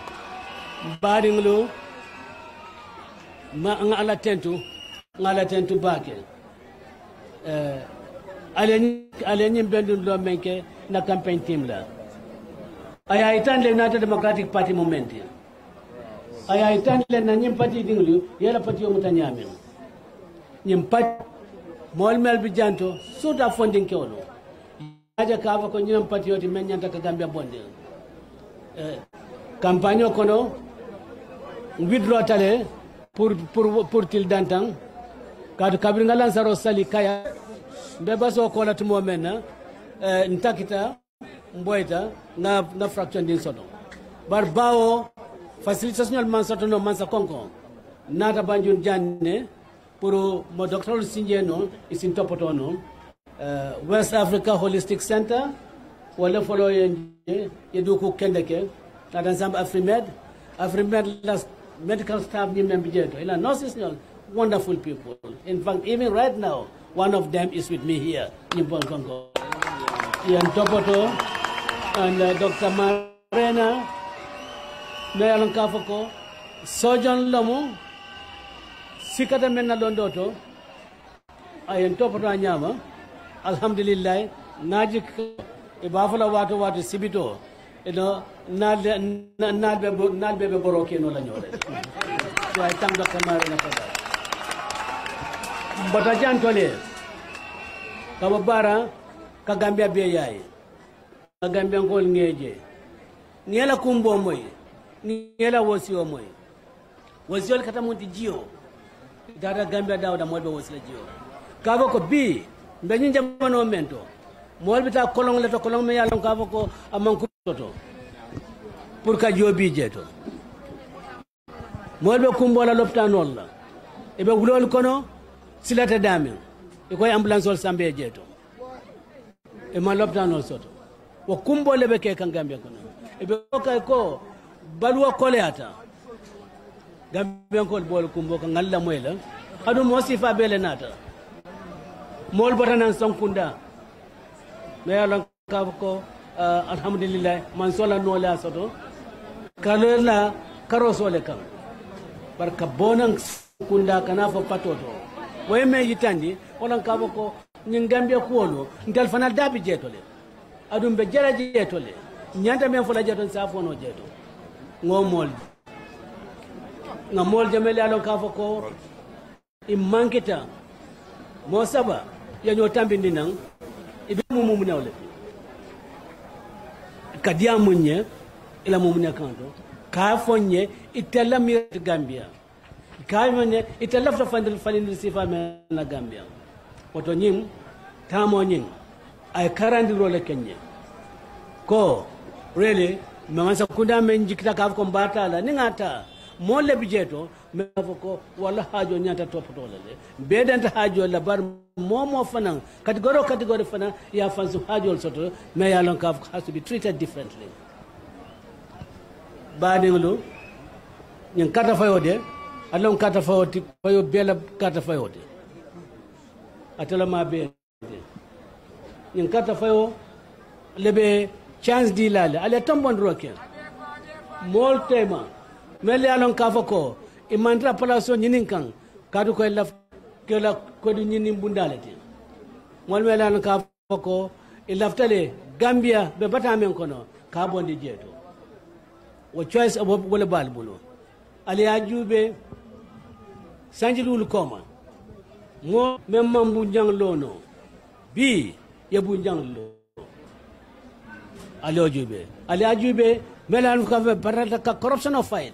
Baringlu, ma tentu, ngala tentu Eh, alenyin bendun lo menke na campaign team la ayaitan le united democratic party movement ayaitan le na nyim party dinglu yela party yo mutanyame nyim party mol mel bi janto suta funding kewlo aja kava ko nyim party ti men nyanta ka gambia bonde eh campagne kono withdraw tale pour pour pour til dantan kadu kabir ngalan saro sali kaya mbe baso ko la tumo mena eh, ntakita mboita na na fraction ndin soto bar bawo facilitation man mansa tono man sa konko nata banjun janne pour mo docteur sinjeno isin topoto no uh, eh, west africa holistic center wala folo yenje yeduku kendeke nata ensemble afrimed afrimed las medical staff ni membijeto ila nurses ni wonderful people in fact even right now One of them is with me here in Bongongo. Ian Topoto and uh, Dr. Marena Mayalan Kafoko, Sojan Lomo, Sikata Mena Dondoto, Ian Topoto Anyama, Alhamdulillah, Najik Ibafala Watu Watu Sibito, you know, Nadbebe Borokeno Lanyore. So I thank Dr. Marena for that. mbota jantole kama bara ka gambia be yayi ka gambia ngol ngeje ngela kumbo moy ngela wosio moy wosiol kata munti jio dara gambia dawda wosi la jio kaba ko bi mbeñi jamano mento molbe ta kolong leto kolong me yalon kaba ko amanku toto pour ka bi jeto molbe kumbola loptanol la ebe wulol kono silata dame ikoye ambulance ol sambe jeeto e ma lopitan ol soto wo kumbo le be ke kan gambia kono e be ko baluwo koleyata gambenkol boole kumbo ko ngalla moy la aɗum sifa bele naata mool botanan sankunda mais alon ka ko alhamdulillah man sola a soto kalola karosole kan par ka bonan sankunda kana fo patoto wayme yitandi wolan kaba ko ñin gambia kuwolu ngal fanal daabi jeetole adum be jara jeetole ñanta men fola jeeton sa fono jeeto ngo mool nga mool jamele alon ka fo ko i mankita mo saba yaño tambindi nan iɓe mumumu nawle kadiya muñe ila ne kanto ka foñe itella mirati gambia kañone ite lafta fandel falindiri sifa men na gambia woto ñing tamo ñing ay karandirole kenñe ko really magan sakunda men jikita kaf ko mbatala ni ngata mo lebi bijeto mais fo ko walla haajo ñanta toppatole le mbeydanta hajo la bar momo fanan fana goro kadi fana fanan ya fan hajo haajol soto mais ya lon ka has to be treated differently baadiŋolu ñin kata de alon kata fayoti fayo bela kata fayoti atala ma be nin kata fayo lebe chance di lale ale tambon roke mol tema mele alon kafa ko imantra e palaso nyinin kan kadu ko laf kela ko di nyinin bundale ti mol mele alon kafa e ko ilaftale gambia be bata men kono ka bondi jeto wo choice wala bulu ali ajube sanjilulu koma mo mem mambu jang lono bi bu jang lo ali ajube ali ajube melan ko be barata ka corruption of fight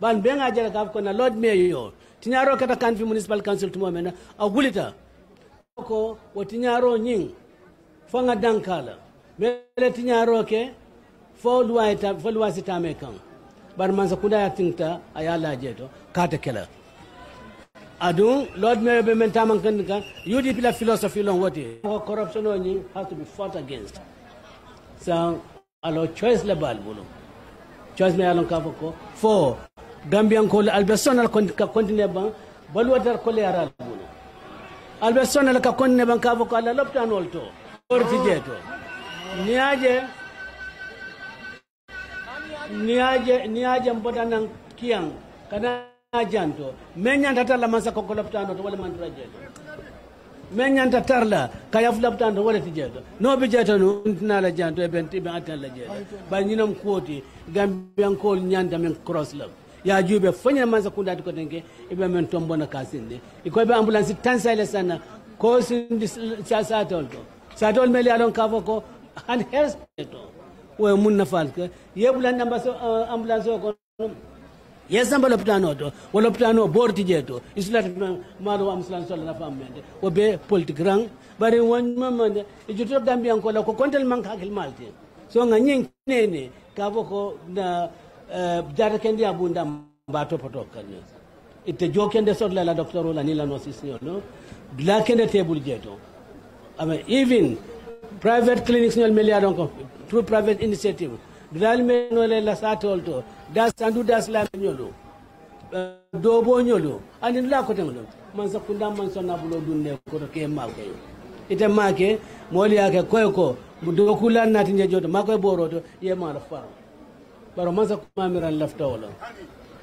ban be nga jere ka ko na lord mayor tinyaro kata kan fi municipal council to mena a gulita ko wo tinyaro nyin nga dankala mele tinyaro ke fo luwa ta fo luwa sita mekan kan bar man sa kuda ya tinta ayala jeto kata kela adu lord mayor be menta man kan kan udp la philosophy long what corruption on has to be fought against so alo choice la bal choice me alon ka ko for gambian ko albesonal ka kontine ban balwatar ko le aral bulu albesonal ka kontine ban ka ko ala loptan olto or tijeto niaje niaje niaje mbodanan kiyang kana ajanto menyanta tarla man sakko kolo ptando to wala man tura menyanta tarla kaya fula ptando wala ti jeeto no bi jeto no ntina la janto e benti be atal la jeto ba nyinam koti gambian kol nyanda men cross la ya jube fanya man sakko ndati ko e be men tombona kasinde e ko be ambulance tan sale sana ko sin sa sa tolto sa tol mele alon kafo ko an health to we mun nafal ke yebulan namba so uh, ambulance ko yesamba lopitano to wo lopitano borti je to islata maɗo wa musilan sollana mende wo be politique rang bari wonmamande e juttoɓe dambiyankola ko kontel manque hakkil malte so ga nene ka fo ko na eh, jata kendi a bunda mba topoto kanyo itte jo kende la docteur ola ni lano sisnio no la kende tebul je to even private clinics nol meliya donc through private initiative dalmenole la satol to das lá dasandu dasilamiñolu dooboñolu anin la eh, koteŋolu man sakunda man sonna bulo dunne koto ke makeyo ite make moolu ye ke koye ko dokulan naati je joto makoye boroto ye mara faro baro man sakkumamiran laftawolo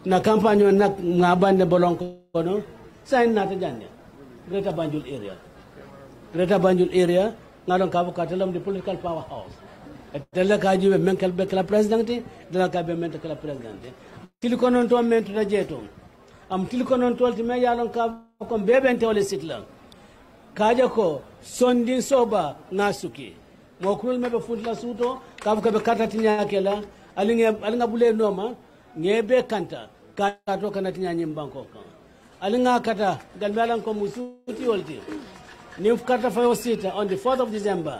na campagne o na ŋabande bolonkono sayin naata jande greta banjul area greta banjul area ŋa ɗon kabo ka telemde political power house tella kajiɓe men kelɓe kala présidente tella kaɓe men kala présidente tilko noon toon men tuta jeeto am tilko noon tolti men yalon ka ko beɓen tewle sitla kaje ko sondin soba na suki mo kulol meɓe funtila suuto kafo koɓe kartatiñakela bule aliŋa ɓule nooma ŋe be kanta kato kanatiñañim banko kan aliŋa kata galmi alan ko mu suutiyol ti nin karta fayo siita on the 4 of december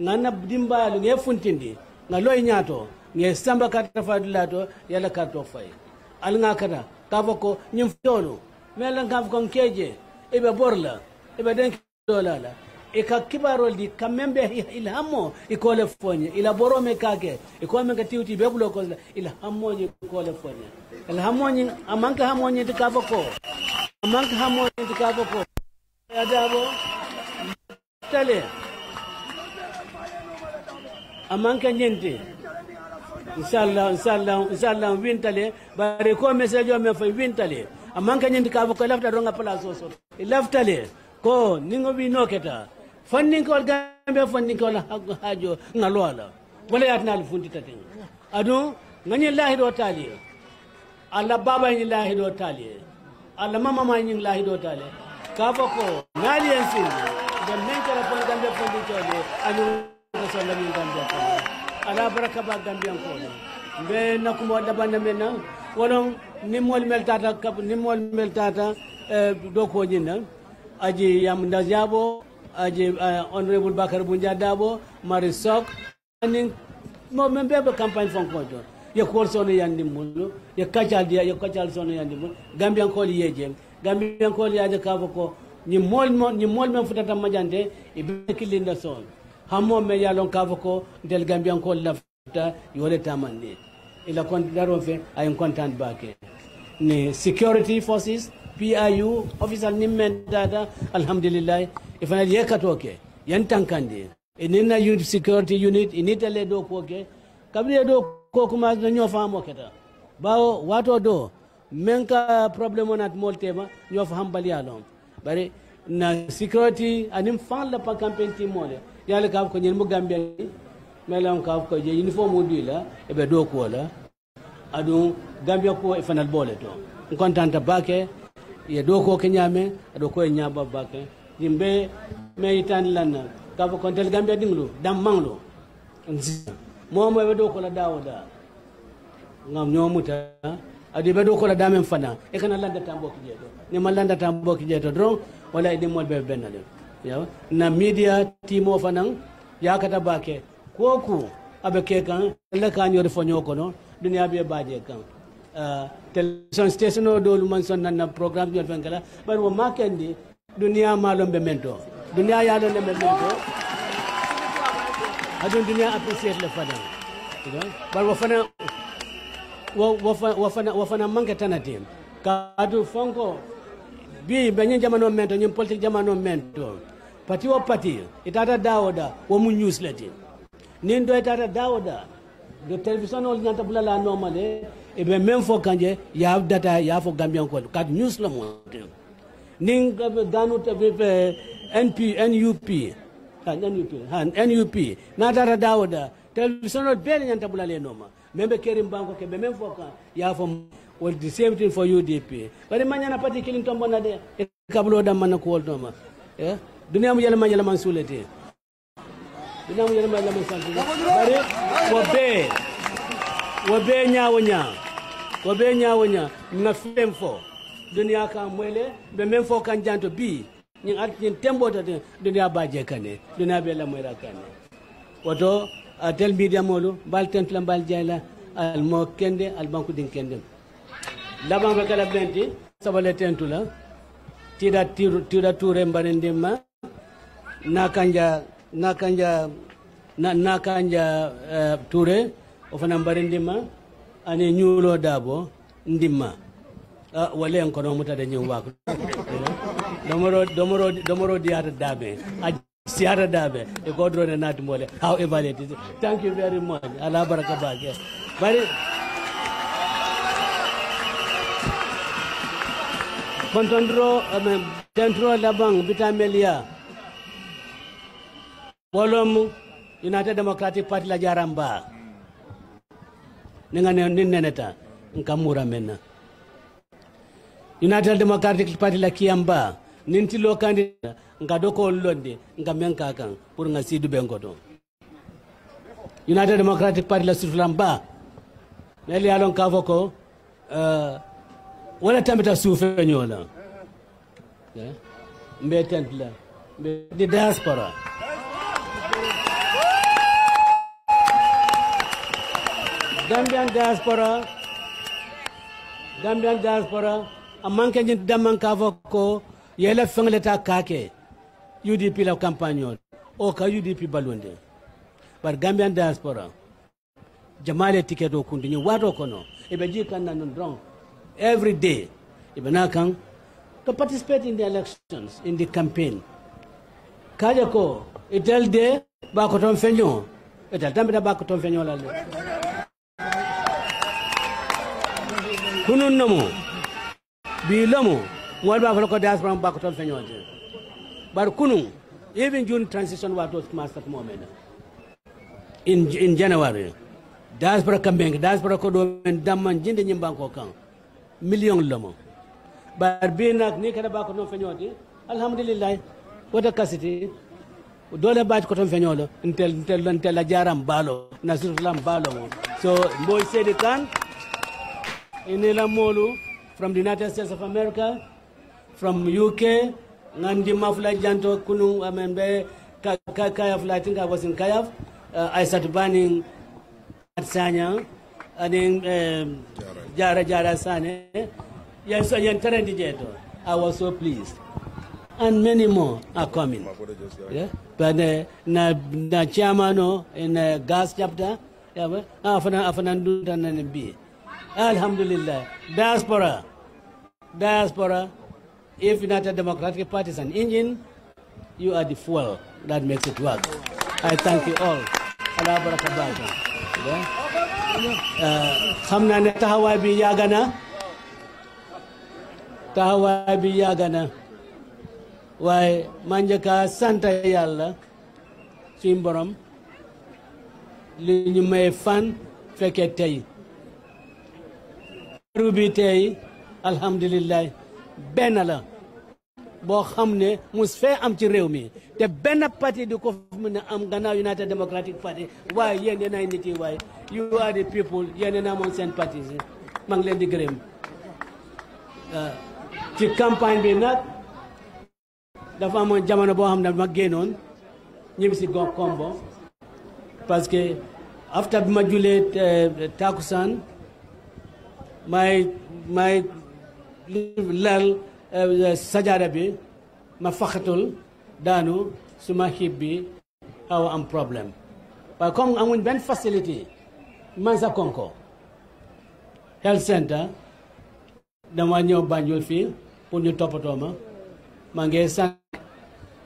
ngana dimbalu nge funtindi nga loy ñaato nge samba karta fadulato yala karto fay al nga kata ka fako ñum tolu mela nga fako keje borla ibe denki dolala e ka kibarol di ka membe ilhamo ikole fonye ila borome kake ikome ka tiuti be bloko ilhamo ni ikole fonye ilhamo ni amanka hamonye di ka fako amanka hamonye di ka ya adabo tale amanke ñente inchallah inchallah inchallah wintale bare ko message o men fay wintale amanka ñente kaabo ko lafta ronga place o laftale ko ningo wino keta fanninkowol gambe fanninkowol haajo ŋaloola wala yaatanaali funtitaten adu ŋañin laahiɗo taali allah baaba ñin laahiɗo taali allah mamama ñin laahiɗo taali kaa fo ko naali hen sin nden min kala fon gambe fonditole anu sonda min gambia ko ala baraka ba Gambia ko be nakumo dabande men na wonon nimmol mel tata kab nimmol mel tata do ko nyinna aji yam ndajabo aji honorable bakar bunja dabo mari sok anin mo men be be campagne fon ko do ye kor sono yandi mulu ye kacal dia ye kacal sono yandi mulu Gambia ko li yeje Gambia ko li yaje kafo ko ni mol ni mol men futata majande e be kilinda sono hammoɓe yalon kavoko del gambian ko lafta yole tamanni ila kon daro fe ay content baake ne security forces piu official nimmen dada alhamdulillah ifana yekatoke yan tankandi inina security unit initele do koke kabri do ko kuma ño famo keta bawo wato do men ka problème onat moltema ño fa hambal yalon bari na security anim fan la pa campagne timole yale kam ko nyen mo gambia mele on kam ko je uniform du la e be do ko la adu gambia ko e fanal bole to on kontanta bake ye do ko ke nyame adu ko e nyaba bake dimbe me itan lan ka ko kontel gambia dinglu dam manglo mo mo e do ko la dawoda ngam nyomuta adi be do ko la damen fana e kana landa tambo ki je do ne ma landa tambo ki je to dron wala e dimol be benale yaw na media timo fanan yakata bake koku abe ke kan le kañori foño kono dunia be baje kan uh, ah, television station o dolu man son nan programme jor fen kala bar wo makendi duniya malon be mento dunia yalo le men mento adon dunia apprécier le fana bar wo fana wo fana wo fana manke tanati kadu fonko bi be ñin jamano mento ñin politique jamano mento pati wa e pati itata dawoda womu mu nin do itata e dawoda do television ol ñanta bula la normal e be men fo kanje ya data ya fo gambian ko kat news la mo nin danu te np nup ha nup ha nup na tata dawoda television ol be ñanta bula le normal membe kerim banko ke be men fo kan ya fo was the same thing for UDP. bari manyana pati tombona de e kablo da manako wolnoma. Yeah? duniya mu yɛlɛma yɛlɛma su le ten duniya mu yɛlɛma yɛlɛma su le bari wa bɛɛ wa bɛɛ ɲa o ɲa wa bɛɛ ɲa o ɲa na fɛn fɔ duniya kan mɔɛlɛ bɛ mɛn fɔ kan janto bi ñin at ñin tembo ta ten duniya ba je kane duniya bɛ kane woto a media molu bal tentula bal jayla al mo kende al banku din kende La be kala blenti sabale tentula tida Tira tida ture mbarende ma nakanja nakanja na, nakanja uh, eh, touré o fana mbari ani ñuulo daabo ndimma uh, ah, walen kono mutade ñin waako domoro domoro domoro diyata daabe a siyata daabe e godrone naati mole how evaluate thank you very much ala baraka baake bari kontondiro eh, dentro labang bitamelia mbooloo United Democratic Party la jaramba baa ni nga ne ni nka mura menna United Democratic Party la kiamba ninti lo candidate nga doko londe nga menka kan pour nga sidu United Democratic Party la sulamba baa ne li alon ka foko eh, wala tambita suufe ñola yeah? tent la mbe di diaspora Gambian diaspora, Gambian diaspora, amanke nyin daman kavoko, yele Fungleta kake, UDP la campagne, oka UDP balunde. But Gambian diaspora, jamale ticket okundi, nyi wato kono, ibe jikanda nondrong, every day, ibe to participate in the elections, in the campaign. Kaja ko, itel de, bakoton fenyo, itel tambida bakoton fenyo la le. hununnomo biilomo mo walba fala ko diaspora mo bakotol nyoje bar kunu even june transition wa wato mastat momena in in january diaspora kambeng diaspora ko men damman jinde ñimbanko kan million lomo bar bi nak ni kada bako noon feñode alhamdulillahi wota kasiti dole baati koton feñolo ntel ntel ntel a jaram baalo nasirtulam baalo mo so mboy seedi kan inila molu from the united states of america from uk ngandi mafula janto kunu amembe be kayaf i think i was in kayaf uh, i started burning at sanya and then um, jara jara sane yes so yen terendi jeto i was so pleased and many more are coming. Yeah? But uh, na, na chairman uh, in uh, gas chapter, yeah, Alhamdulillah, diaspora, diaspora, if United Democratic Party is an engine, you are the fuel that makes it work. I thank you all. Allah barakabaka. Uh, Hamna ne tahawa bi yagana. Tahawa bi yagana. waaye man jaka a yalla yàlla suñ borom li ñu may fan fekke tay rubi tay alhamdullilah ben la bo xamne mus fe am ci réew mi te ben parti du ko meuna am gannaaw United Democratic Party waaye yéen yéen ay nit yi you are the people yéen na mon sen parti mang len di gërëm ah, ci campagne bi nak dafa am jamono bo xam ma gennon ñibbi ci go kombo parce que afta bima julé euh, takusan may may lal euh, sajaada bi ma faxatul danu suma xiib bi xaw am problem, ba kom amun ben facility man sa konko health center dama ñëw Banjul fi, pour ñu toppatoo ma maa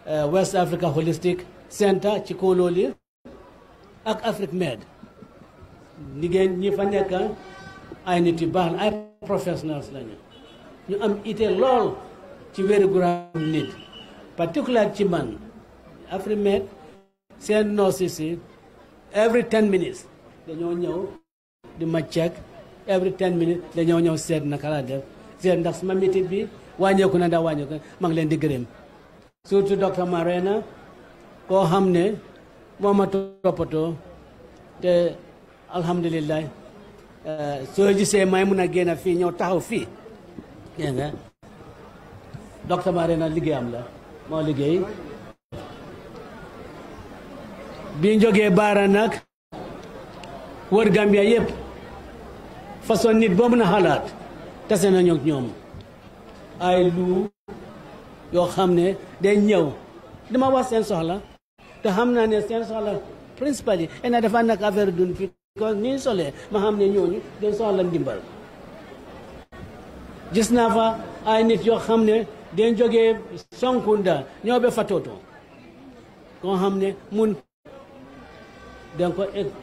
Uh, West Africa Holistic Center ci Kololi ak Afrique Med liggéey ñi fa nekk ay nit yu baax la ay professionnels lañu ñu am ité lool ci wér-gu-yaram nit particulier ci man Afrique Med seen noosi si every ten minutes dañoo ñëw di ma check every ten minutes dañoo ñëw seet naka laa def seet ndax sama métit bi wàññeeku na ndax wàññeeku mag leen di gërëm surtout docteur Marena koo xam ne moo ma toppatoo te alhamdulilah eh, soo gisee may mun a génn fii ñëw taxaw fii dégg nga docteur Marena liggéeyam la moo liggéey bi jógee baara nag wër Gambia yëpp façon nit boo mën a xalaat tase nañu ñoom ay lu yoo xam ne day ñëw dama wax seen soxla te xam naa ne seen soxla principal yi et eh, na dafa nak affaire dund fi ko nii solee ma xam ne ñooñu dañ soxla ndimbal gis naa fa ay nit yoo xam ne dañ jógee Sonkunda ñoo be Fatoto koo xam ne mun dañ ko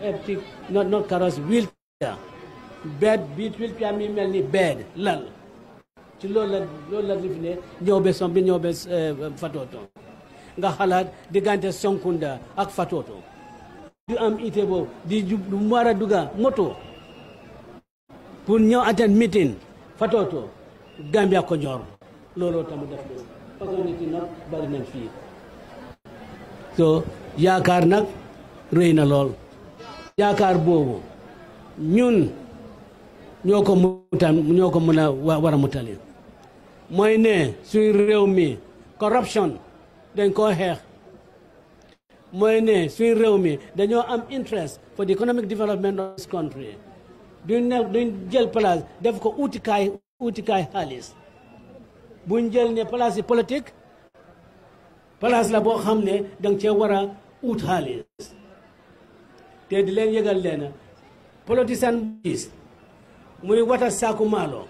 epti not not carrosse wheelchair bed biit wheelchair mi mel ni bed lal ci loolu la loolu la lifi bi ñëw be eh, nga xalaat diggante Sonkunda ak fatoto du am ité di jublu mu duga moto pour ñëw attend meeting fatoto Gambia ko ñor looloo tamu def loolu yaakaar nag rëy na lool yaakaar boobu ñun ñoo ko mu ñoo ko mën a war a mutali mooy ne suñu réew mi corruption dañ koo xeex mooy ne suñu réew mi dañoo am interest for the economic development of this country duñ ne duñ jël place def ko utikaay utikaay xaalis buñ jël ne place yi politique la boo xam ne danga cee war a ut xaalis te di leen yëgal leen politicien bis muy wata saaku maalo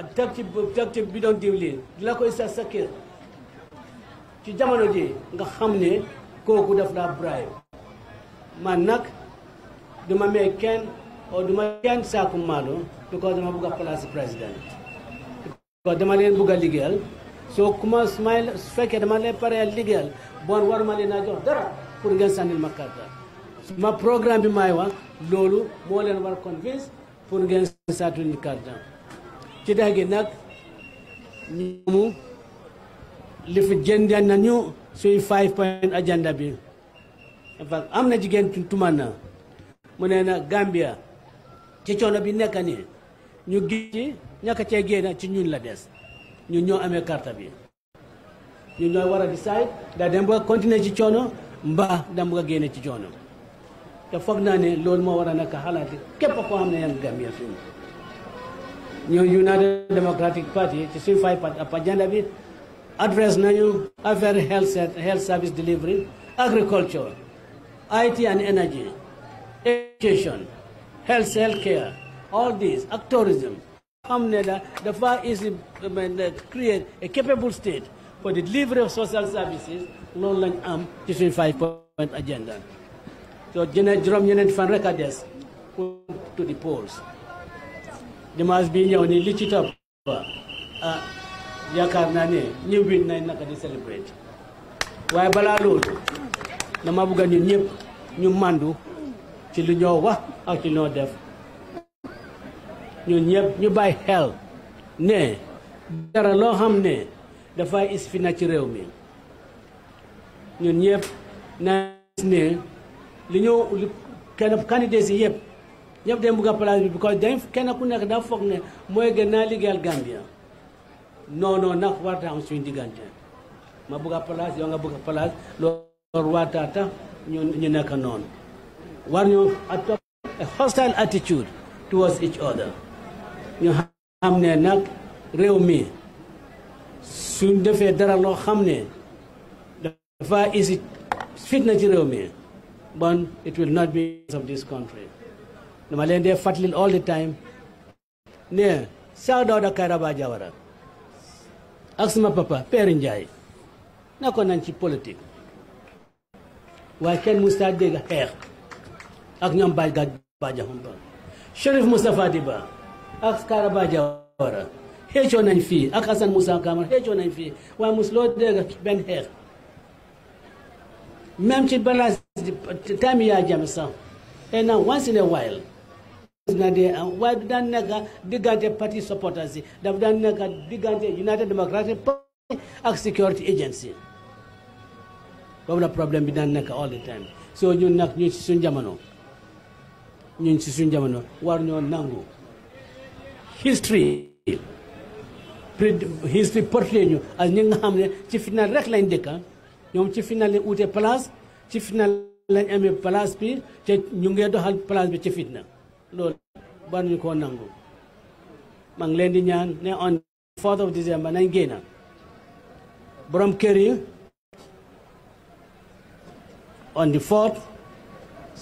ak teg ci teg bi doon diwlin di la koy sa sakkir ci jamono ji nga xam ne kooku daf laa brayo man nag du ma may kenn oo du ma kenn saaku maalo because dama bugg a place président because dama leen bugg a liggéeyal soo kuma su may su fekkee dama leen pare liggéeyal war ma leen a jox dara pour ngeen sànnil ma kàrta ma programme bi may wax loolu moo leen war convince pour ngeen sànnil kàrta ci dex gi nag ñoomu li fi jëndee nañu suy five point agenda bi en am na jigéen tuman na mu ne na Gambia ci coono bi nekk nii ñu gis ci ñàkk cee génn ci ñun la des ñu ñoo amee carte bi ñu ñooy war a decide da dem ba continuer ci coono mbaa dem ba génne ci coono te foog naa ni loolu moo war a nekk xalaati képp koo xam ne yaa ngi Gambia fii ñu United Democratic Party ci suñu fay pajanda bi adresse nañu affaire health health service delivery agriculture IT and energy education health health care all these tourism xam ne da dafa is create a capable state for the delivery of social services long lañ am five point agenda so juróom-ñeent fan rek a to the polls dimanche bi ñëw nii li ci topp ah yaakaar naa ne ñu win nañ naka di célébrer waaye balaa loolu dama bëgg ñun ñëpp ñu màndu ci lu ñoo wax ak ci ñoo def ñun ñëpp ñu bàyyi xel ne dara loo xam ne dafa is na ci réew mi ñun ñëpp naa ne li ñu kenn candidat si yëpp ñëpp dañ bugg place bi because dañ kenn ku nekk dafa foog ne mooy gën naa liggéeyal Gambia non non nag warta am suñu diggante ma bugg a place yow nga bugg a place loolu warta tax ñu ñu nekk noonu war ñu atop a hostile attitude towards each other ñu xam ne nag réew mi suñ defee dara loo xam ne dafa isi fitna ci réew mi bon it will not be of this country dama leen dee fàttalil all the time ak sama papa Père Ndiaye nekkoon nañ ci politique waaye kenn musta dégg xeex ak ñoom baaj gaaj baajaxum ba Chérif Moustapha Diba ak Kairaba Jawara xeecoo nañ fii ak Hassan Moussa Camara xeecoo nañ fii waaye mos loo dégg benn xeex même ci balaa time yaa jame sax and now once in a wadudanneka uh, digante party supporters dafudanneka digante united democratic party and security agency boobu la problème bi daan nekk all the time so you nag ñun si suñ jamono ñun si suñ jamono war ñoo nangu history history portrait ñu ak ñi nga xam ne ci final rek lañ dëkka ah. ñoom ci final lañ uute place ci final lañ amee place bi te ñu ngee doxal place bi ci fitna loolu war ñu nangu maa ngi leen di ñaan ne on fourth of December kër yi on the fourth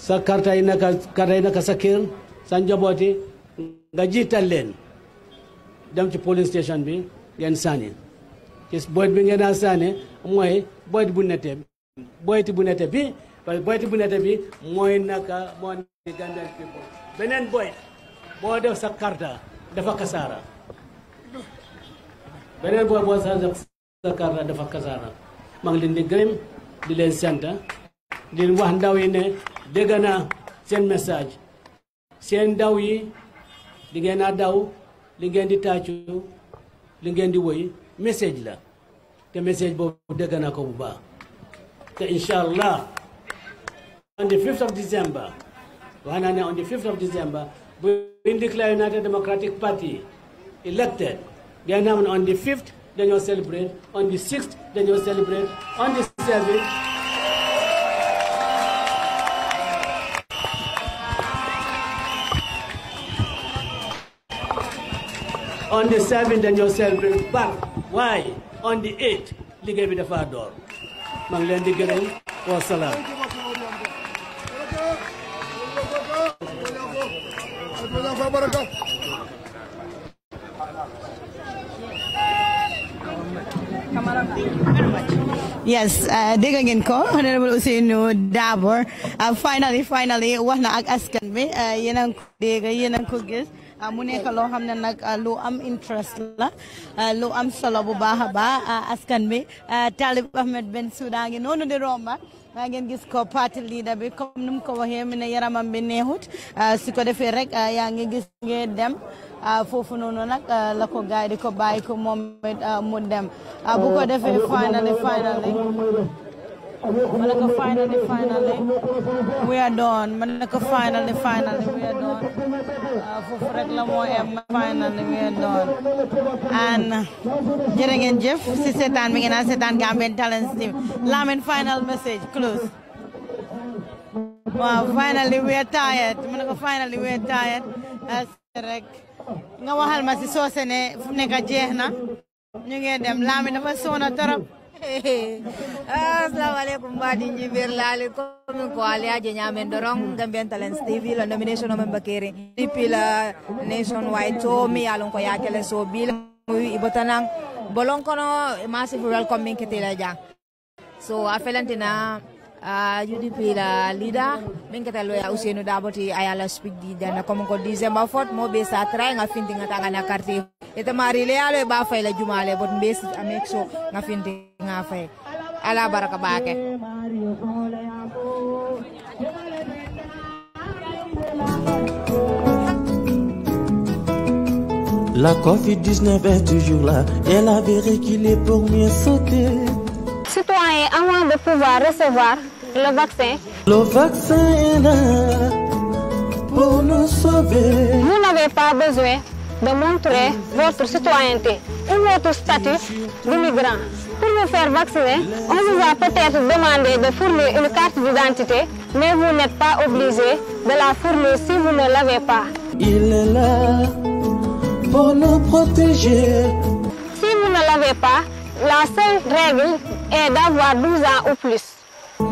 sa karta yi naka karta yi naka nga jiital leen dem ci police station bi ngeen sànni ci boyt bi ngeen a sànni mooy boyt bu nette boyti bu nette bi parce que bu nette bi mooy naka moo ni Gambian people benen boy bo def sa carte dafa kasara. benen boy boo def sa carte dafa kasara. maa ngi di gërem di len sante di wax ndaw yi ne degana sen message sen ndaw yi di gëna daw li ngeen di taccu li ngeen di woy message la te message boobu degana ko bu ba te inshallah on the 5th of December Wanane on the 5th of December, we declare United Democratic Party elected. Then on the 5th, then you celebrate. On the 6th, then you celebrate. On the 7th, On the 7th, then you celebrate But Why? On the 8th, We bi dafa door maa ngi leen di gërëm wa وبركاته Yes, uh, digagan ko, Honorable Usino Dabor. Uh, finally, finally, wah na ag askan me, uh, yan ang diga, yan ang kugis. Uh, muna kaloham na nag uh, am interest la, uh, luam sa labo ba, uh, askan me, uh, Talib Ahmed Ben Sudangin, nono de Roma, waa ngeen gis ko parti leader bi comme num ko waxee mu ne yaramam bi neexut si ko defee rek yaa ngi gis ngeen dem foofu noonu nag la ko gaay di ko bàyyi ko moom mu dem bu ko defee final final ma ne ko finally we are done ma ne ko finally we are done uh, For rek la moo finally we are done and jërë ngeen jëf si seetaan mi ngeen a seetaan Gambian Talents team Lamin final message close Wow, finally we are tired ma finally we are tired rek nga waxal masi si soose ne fu na ñu ngee dem Lamin dafa soona torop assalamu aleykum mbaɗi jibirlali komin ko aliyaji ñamen doron gambian talents tv lo nomination omen bakeri la nation wide to mi yalon ko yakele so bila ibotanan bolon kono massive welcome min ketila jang so a Uh, ah, UDP la leader min kata loya Ousseynou Dabo ti ayala speak di dana comme ko December fort mo be sa try nga finti nga taga na quartier ete mari le alo ba fay la jumale bot be si amexo nga finti nga fay ala baraka baake La COVID-19 est toujours là, et la vérité qu'il est pour mieux sauter. Citoyens, avant de pouvoir recevoir le vaccin. Le vaccin là pour nous sauver. Vous n'avez pas besoin de montrer votre citoyenneté ou votre statut d'immigrant. Pour vous faire vacciner, on vous a peut-être demandé de fournir une carte d'identité, mais vous n'êtes pas obligé de la fournir si vous ne l'avez pas. Il est là pour nous protéger. Si vous ne l'avez pas, la seule règle est d'avoir 12 ans ou plus.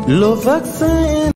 Love vaccine.